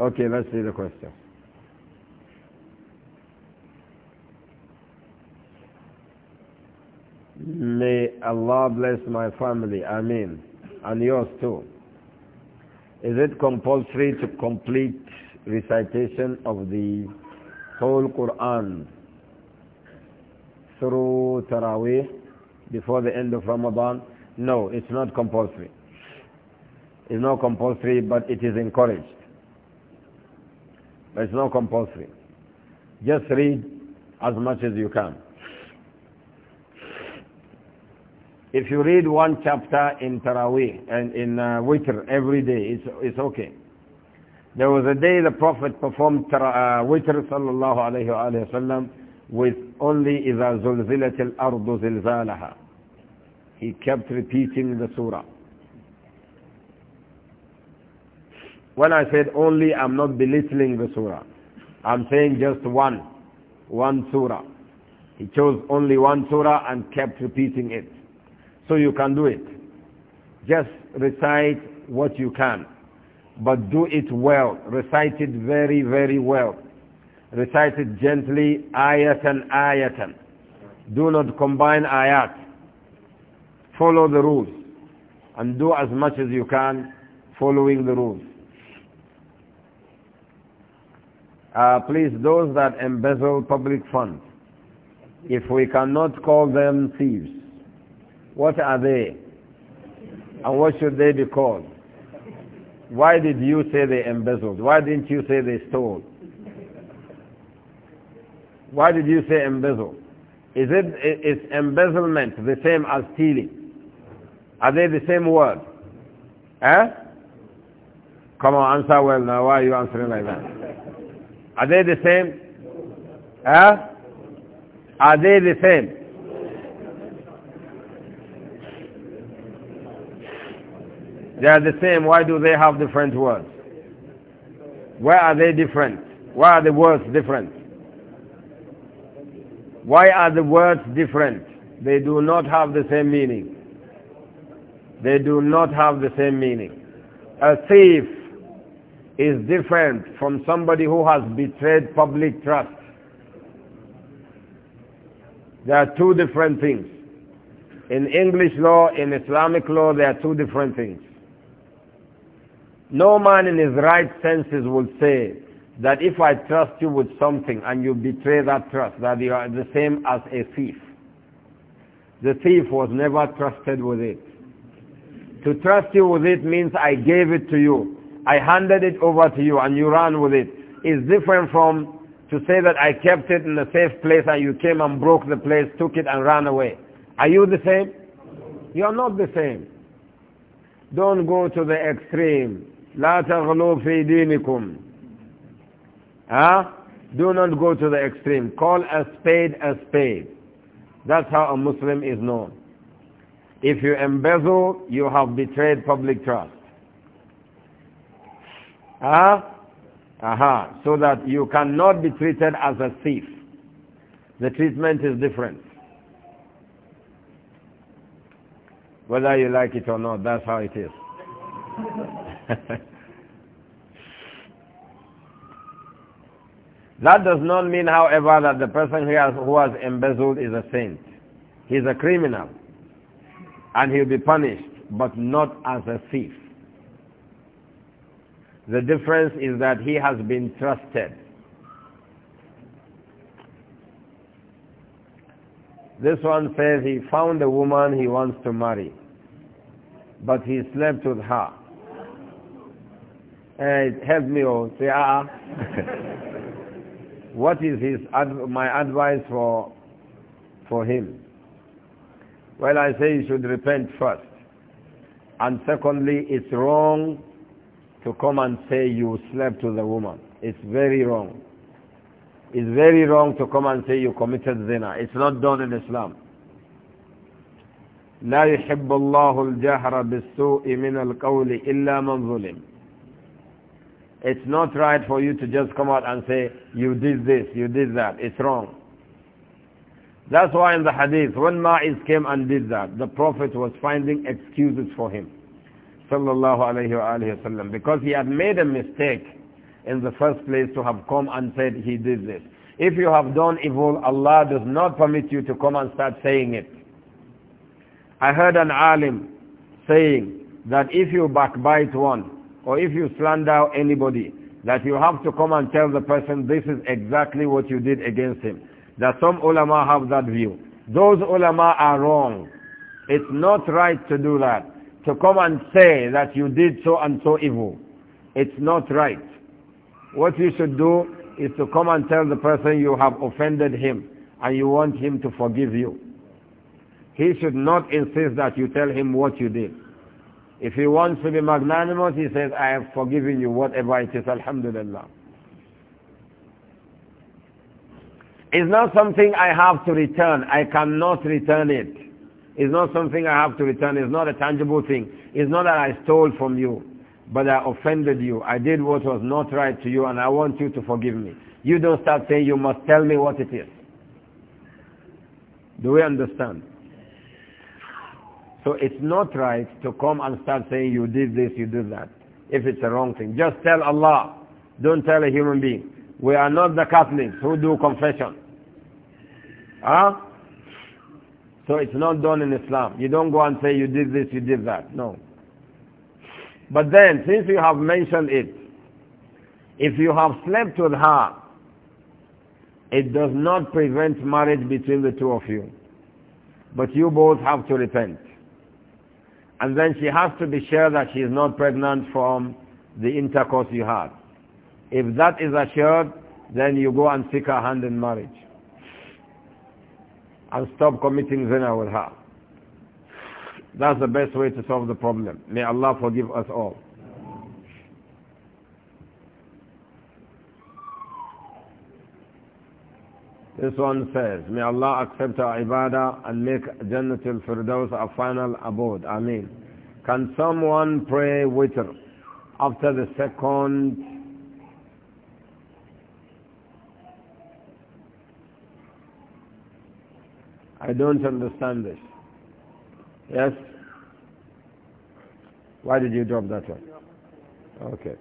Okay, let's see the question. May Allah bless my family, Amin, and yours too. Is it compulsory to complete recitation of the whole Quran through Taraweeh before the end of Ramadan? No, it's not compulsory. It's not compulsory, but it is encouraged. But it's not compulsory. Just read as much as you can. If you read one chapter in Taraweeh and in uh, Witr every day, it's, it's okay. There was a day the Prophet performed tara, uh, Witr sallallahu alayhi wa sallam with only إِذَا زُلْزِلَتِ الْأَرْضُ زِلْزَالَهَا He kept repeating the surah. When I said only, I'm not belittling the surah. I'm saying just one, one surah. He chose only one surah and kept repeating it. So you can do it. Just recite what you can. But do it well. Recite it very, very well. Recite it gently, ayatan, ayatan. Do not combine ayat. Follow the rules. And do as much as you can following the rules. Uh, please, those that embezzle public funds, if we cannot call them thieves, what are they? And what should they be called? Why did you say they embezzled? Why didn't you say they stole? Why did you say embezzle? Is it is embezzlement the same as stealing? Are they the same word? Eh? Come on, answer well now. Why are you answering like that? Are they the same? Eh? Are they the same? They are the same. Why do they have different words? Where are they different? Why are the words different? Why are the words different? They do not have the same meaning. They do not have the same meaning. A thief is different from somebody who has betrayed public trust. There are two different things. In English law, in Islamic law, there are two different things. No man in his right senses will say that if I trust you with something and you betray that trust, that you are the same as a thief. The thief was never trusted with it. To trust you with it means I gave it to you. I handed it over to you and you ran with it. It's different from to say that I kept it in a safe place and you came and broke the place, took it and ran away. Are you the same? You are not the same. Don't go to the extreme. لا تغلوا في دينكم Huh? Do not go to the extreme. Call a spade a spade. That's how a Muslim is known. If you embezzle, you have betrayed public trust. Huh? Aha. Uh -huh. So that you cannot be treated as a thief. The treatment is different. Whether you like it or not, that's how it is. That does not mean, however, that the person who has, who has embezzled is a saint. He's a criminal. And he'll be punished, but not as a thief. The difference is that he has been trusted. This one says he found a woman he wants to marry, but he slept with her. Hey, eh, help me, oh, say, ah. ah. what is his my advice for for him? Well, I say he should repent first. And secondly, it's wrong to come and say you slept with a woman. It's very wrong. It's very wrong to come and say you committed zina. It's not done in Islam. لا يحب الله الجهر بالسوء من القول إلا من ظلم it's not right for you to just come out and say, you did this, you did that. It's wrong. That's why in the hadith, when Ma'iz came and did that, the Prophet was finding excuses for him. Sallallahu alayhi wa alayhi wa sallam, Because he had made a mistake in the first place to have come and said he did this. If you have done evil, Allah does not permit you to come and start saying it. I heard an alim saying that if you backbite one, or if you slander anybody, that you have to come and tell the person this is exactly what you did against him. That some ulama have that view. Those ulama are wrong. It's not right to do that. To come and say that you did so and so evil. It's not right. What you should do is to come and tell the person you have offended him and you want him to forgive you. He should not insist that you tell him what you did. If he wants to be magnanimous, he says, I have forgiven you whatever it is, alhamdulillah. It's not something I have to return. I cannot return it. It's not something I have to return. It's not a tangible thing. It's not that I stole from you, but I offended you. I did what was not right to you, and I want you to forgive me. You don't start saying, you must tell me what it is. Do we understand? So it's not right to come and start saying you did this, you did that, if it's a wrong thing. Just tell Allah. Don't tell a human being. We are not the Catholics who do confession. Huh? So it's not done in Islam. You don't go and say you did this, you did that. No. But then, since you have mentioned it, if you have slept with her, it does not prevent marriage between the two of you. But you both have to repent. And then she has to be sure that she is not pregnant from the intercourse you had. If that is assured, then you go and seek her hand in marriage. And stop committing zina with her. That's the best way to solve the problem. May Allah forgive us all. This one says, May Allah accept our ibadah and make Jannatul Firdaus our final abode. Ameen. Can someone pray witr after the second I don't understand this. Yes? Why did you drop that one? Okay.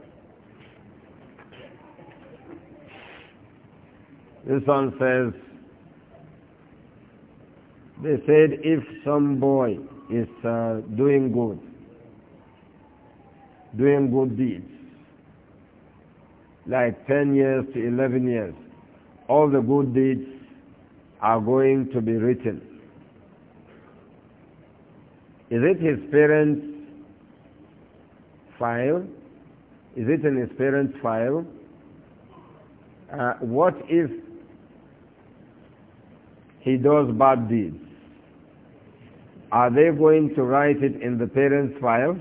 This one says, they said if some boy is uh, doing good, doing good deeds, like 10 years to 11 years, all the good deeds are going to be written. Is it his parents' file? Is it in his parents' file? Uh, what if he does bad deeds. Are they going to write it in the parents' file?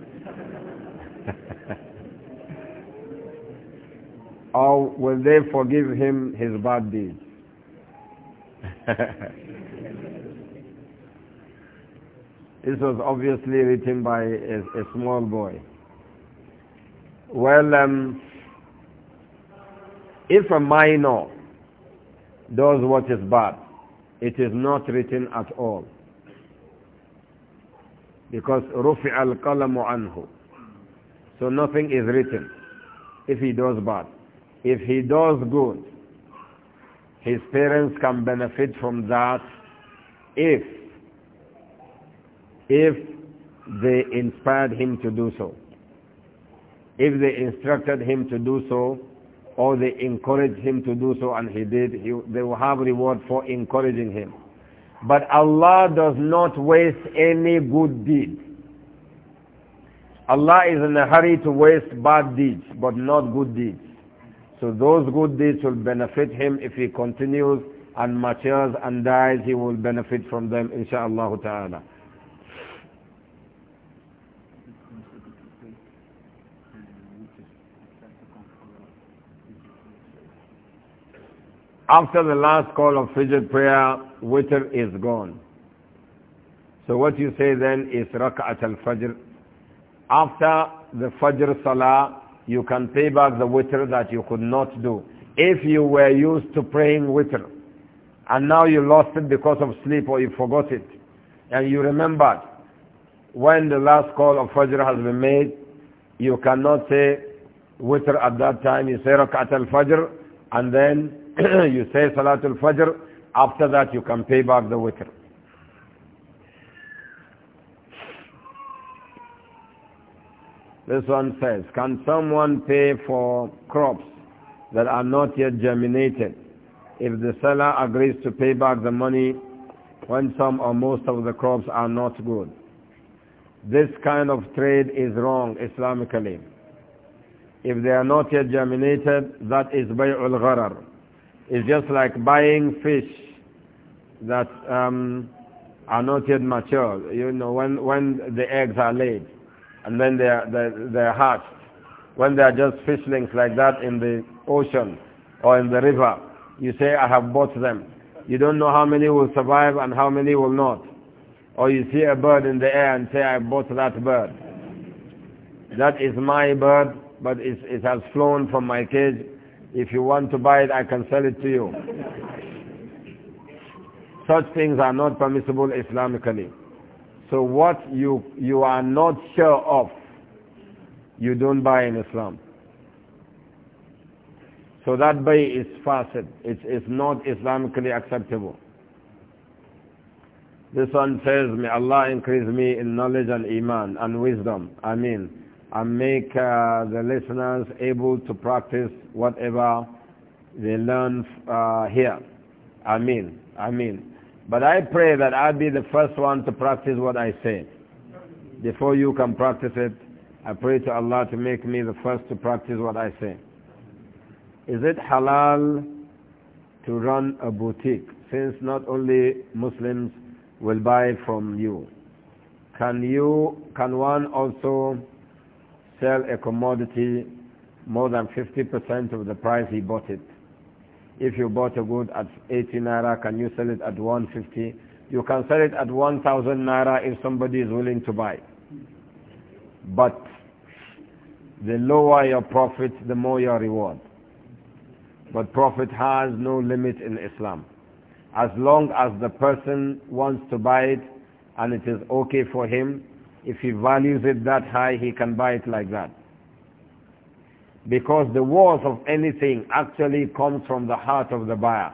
or will they forgive him his bad deeds? this was obviously written by a, a small boy. Well, um, if a minor does what is bad, it is not written at all. Because rufi al kalamu anhu. So nothing is written if he does bad. If he does good, his parents can benefit from that if, if they inspired him to do so. If they instructed him to do so, or they encourage him to do so and he did, he, they will have reward for encouraging him. But Allah does not waste any good deed. Allah is in a hurry to waste bad deeds, but not good deeds. So those good deeds will benefit him if he continues and matures and dies, he will benefit from them, inshaAllah ta'ala. After the last call of Fajr prayer, witr is gone. So what you say then is Rak'at al-Fajr. After the Fajr Salah, you can pay back the witr that you could not do. If you were used to praying witr, and now you lost it because of sleep or you forgot it, and you remembered when the last call of Fajr has been made, you cannot say witr at that time. You say Rak'at al-Fajr, and then you say Salatul Fajr, after that you can pay back the witr. This one says, can someone pay for crops that are not yet germinated if the seller agrees to pay back the money when some or most of the crops are not good? This kind of trade is wrong Islamically. If they are not yet germinated, that is bay'ul gharar. It's just like buying fish that um, are not yet mature, you know, when, when the eggs are laid and then they're, they're, they're hatched. When they are just fishlings like that in the ocean or in the river, you say, I have bought them. You don't know how many will survive and how many will not. Or you see a bird in the air and say, I bought that bird. That is my bird, but it, it has flown from my cage if you want to buy it, I can sell it to you. Such things are not permissible Islamically. So what you, you are not sure of, you don't buy in Islam. So that bay is fasid. It is not Islamically acceptable. This one says, May Allah increase me in knowledge and iman and wisdom. Ameen and make uh, the listeners able to practice whatever they learn uh, here. I mean, I mean. But I pray that I'll be the first one to practice what I say. Before you can practice it, I pray to Allah to make me the first to practice what I say. Is it halal to run a boutique since not only Muslims will buy from you? Can you, can one also sell a commodity more than 50% of the price he bought it. If you bought a good at 80 naira, can you sell it at 150? You can sell it at 1,000 naira if somebody is willing to buy. But the lower your profit, the more your reward. But profit has no limit in Islam. As long as the person wants to buy it and it is okay for him, if he values it that high, he can buy it like that. Because the worth of anything actually comes from the heart of the buyer.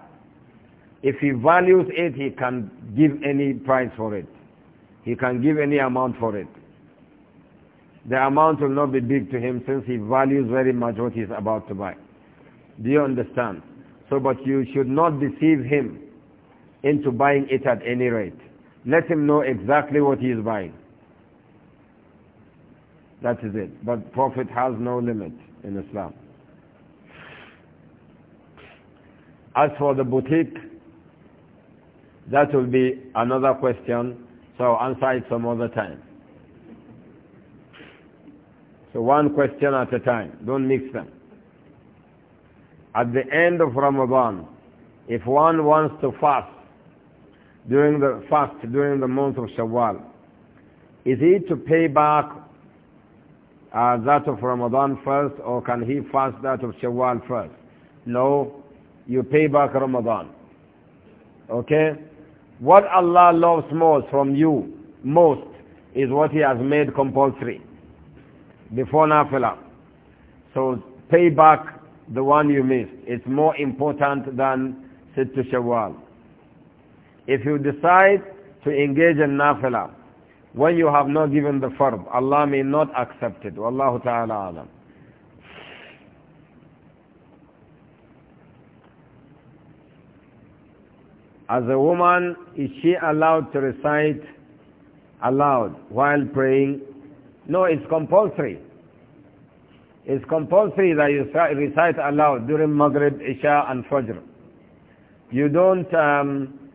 If he values it, he can give any price for it. He can give any amount for it. The amount will not be big to him since he values very much what he is about to buy. Do you understand? So, but you should not deceive him into buying it at any rate. Let him know exactly what he is buying. That is it. But profit has no limit in Islam. As for the boutique, that will be another question, so answer it some other time. So one question at a time, don't mix them. At the end of Ramadan, if one wants to fast during the fast during the month of Shawwal, is he to pay back uh, that of Ramadan first or can he fast that of Shawwal first? No, you pay back Ramadan. Okay? What Allah loves most from you, most, is what he has made compulsory before Nafila. So pay back the one you missed. It's more important than sit to Shawwal. If you decide to engage in Nafila, when you have not given the farb, Allah may not accept it. Wallahu ta'ala alam. As a woman, is she allowed to recite aloud while praying? No, it's compulsory. It's compulsory that you recite aloud during Maghrib, Isha and Fajr. You don't um,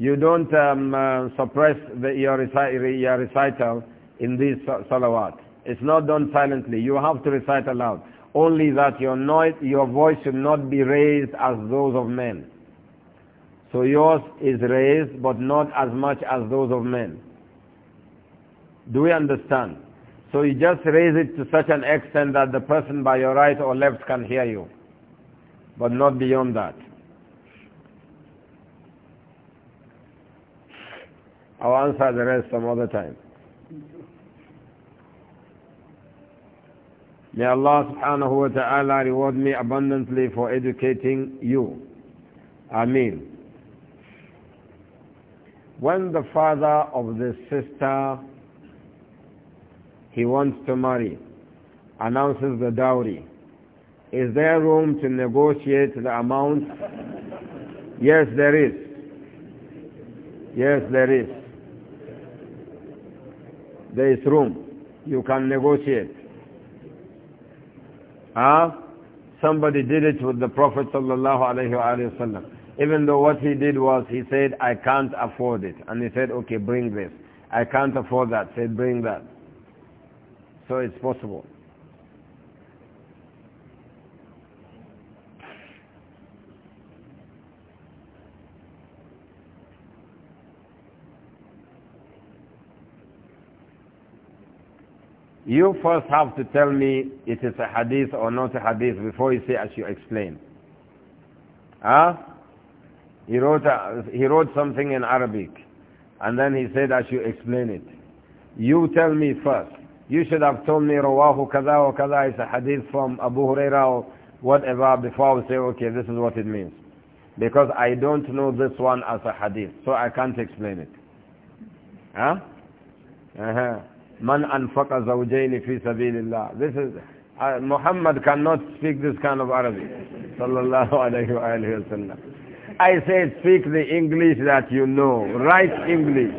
you don't um, uh, suppress the, your, reci your, recital in this salawat. It's not done silently. You have to recite aloud. Only that your, noise, your voice should not be raised as those of men. So yours is raised, but not as much as those of men. Do we understand? So you just raise it to such an extent that the person by your right or left can hear you, but not beyond that. I'll answer the rest some other time. May Allah subhanahu wa ta'ala reward me abundantly for educating you. Ameen. When the father of the sister he wants to marry announces the dowry, is there room to negotiate the amount? yes, there is. Yes, there is. There is room. You can negotiate. Ah, huh? Somebody did it with the Prophet sallallahu Even though what he did was, he said, I can't afford it. And he said, okay, bring this. I can't afford that. Said, bring that. So it's possible. You first have to tell me it is a hadith or not a hadith before you say as you explain. Huh? He wrote, a, he wrote something in Arabic and then he said as you explain it. You tell me first. You should have told me Rawahu Kaza or Kaza is a hadith from Abu Huraira or whatever before I say, okay, this is what it means. Because I don't know this one as a hadith, so I can't explain it. Huh? Uh-huh. Man anfaqa zawjayn fi sabilillah. This is, uh, Muhammad cannot speak this kind of Arabic. Sallallahu alayhi wa alayhi wa sallam. I say speak the English that you know. Right English.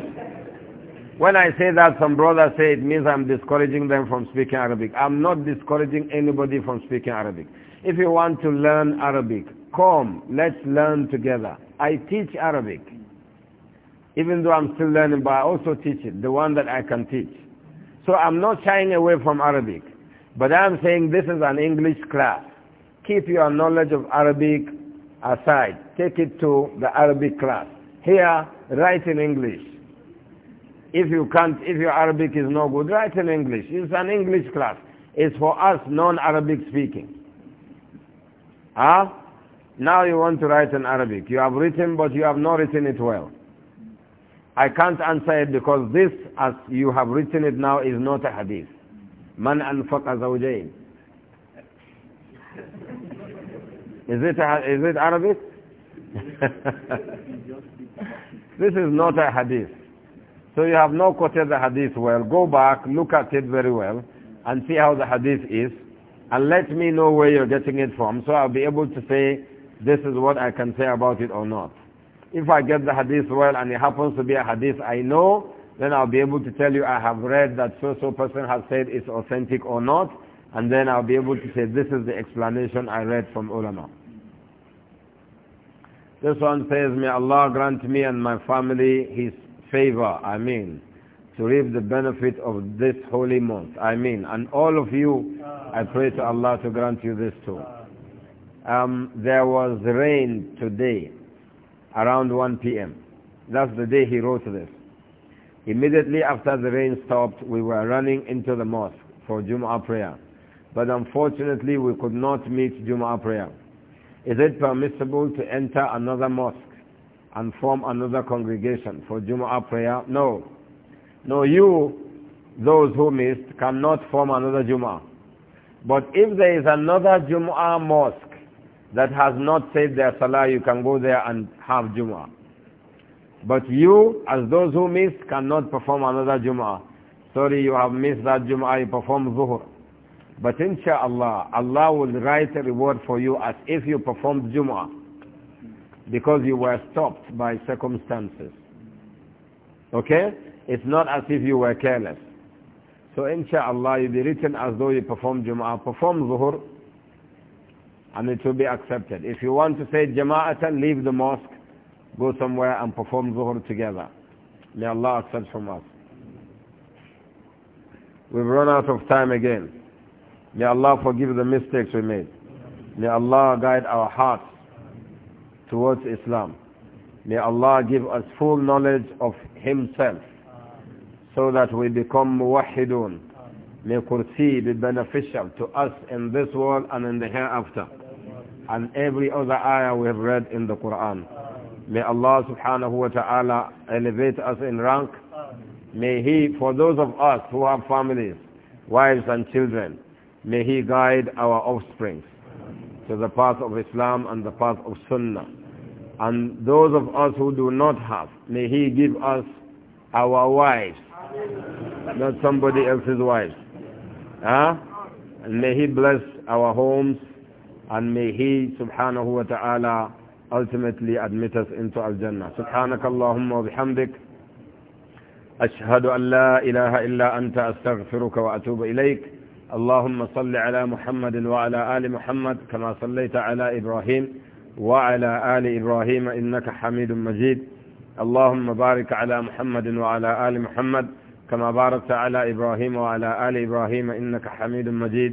When I say that, some brothers say it means I'm discouraging them from speaking Arabic. I'm not discouraging anybody from speaking Arabic. If you want to learn Arabic, come, let's learn together. I teach Arabic. Even though I'm still learning, but I also teach it, the one that I can teach. So I'm not shying away from Arabic. But I'm saying this is an English class. Keep your knowledge of Arabic aside. Take it to the Arabic class. Here, write in English. If you can't, if your Arabic is no good, write in English. It's an English class. It's for us non-Arabic speaking. Ah? Huh? Now you want to write in Arabic. You have written, but you have not written it well. I can't answer it because this, as you have written it now, is not a hadith. Man anfaqa zawjayn. Is it, a, is it Arabic? this is not a hadith. So you have not quoted the hadith well. Go back, look at it very well, and see how the hadith is, and let me know where you're getting it from, so I'll be able to say this is what I can say about it or not. If I get the hadith well and it happens to be a hadith I know, then I'll be able to tell you I have read that so-so person has said it's authentic or not, and then I'll be able to say this is the explanation I read from ulama. This one says, may Allah grant me and my family His favor, I mean, to reap the benefit of this holy month, I mean, and all of you, I pray to Allah to grant you this too. Um, there was rain today around 1 p.m. That's the day he wrote this. Immediately after the rain stopped, we were running into the mosque for Jum'ah prayer. But unfortunately, we could not meet Jum'ah prayer. Is it permissible to enter another mosque and form another congregation for Jum'ah prayer? No. No, you, those who missed, cannot form another Jum'ah. But if there is another Jum'ah mosque that has not said their salah, you can go there and have Jum'ah. But you, as those who missed, cannot perform another Jum'ah. Sorry, you have missed that Jum'ah, you perform Zuhur. But insha'Allah, Allah will write a reward for you as if you performed Jum'ah. Because you were stopped by circumstances. Okay? It's not as if you were careless. So insha'Allah, you'll be written as though you performed Jum'ah. Perform Zuhur, and it will be accepted. If you want to say jama'atan, leave the mosque, go somewhere and perform zuhur together. May Allah accept from us. We've run out of time again. May Allah forgive the mistakes we made. May Allah guide our hearts towards Islam. May Allah give us full knowledge of Himself so that we become muwahidun. May Kursi be beneficial to us in this world and in the hereafter and every other ayah we have read in the Quran. May Allah subhanahu wa ta'ala elevate us in rank. May He, for those of us who have families, wives and children, may He guide our offspring to the path of Islam and the path of Sunnah. And those of us who do not have, may He give us our wives, not somebody else's wives. Huh? And may He bless our homes And may he subhanahu wa ta'ala ultimately admit us into al-Jannah. Subhanaka Allahumma wa bihamdik. Ashhadu an la ilaha illa anta astaghfiruka wa atubu ilayk. Allahumma salli ala Muhammadin wa ala ali Muhammad kama sallaita ala Ibrahim wa ala ali Ibrahim innaka hamidun majid. اللهم بارك على محمد وعلى آل محمد كما باركت على إبراهيم وعلى آل إبراهيم إنك حميد مجيد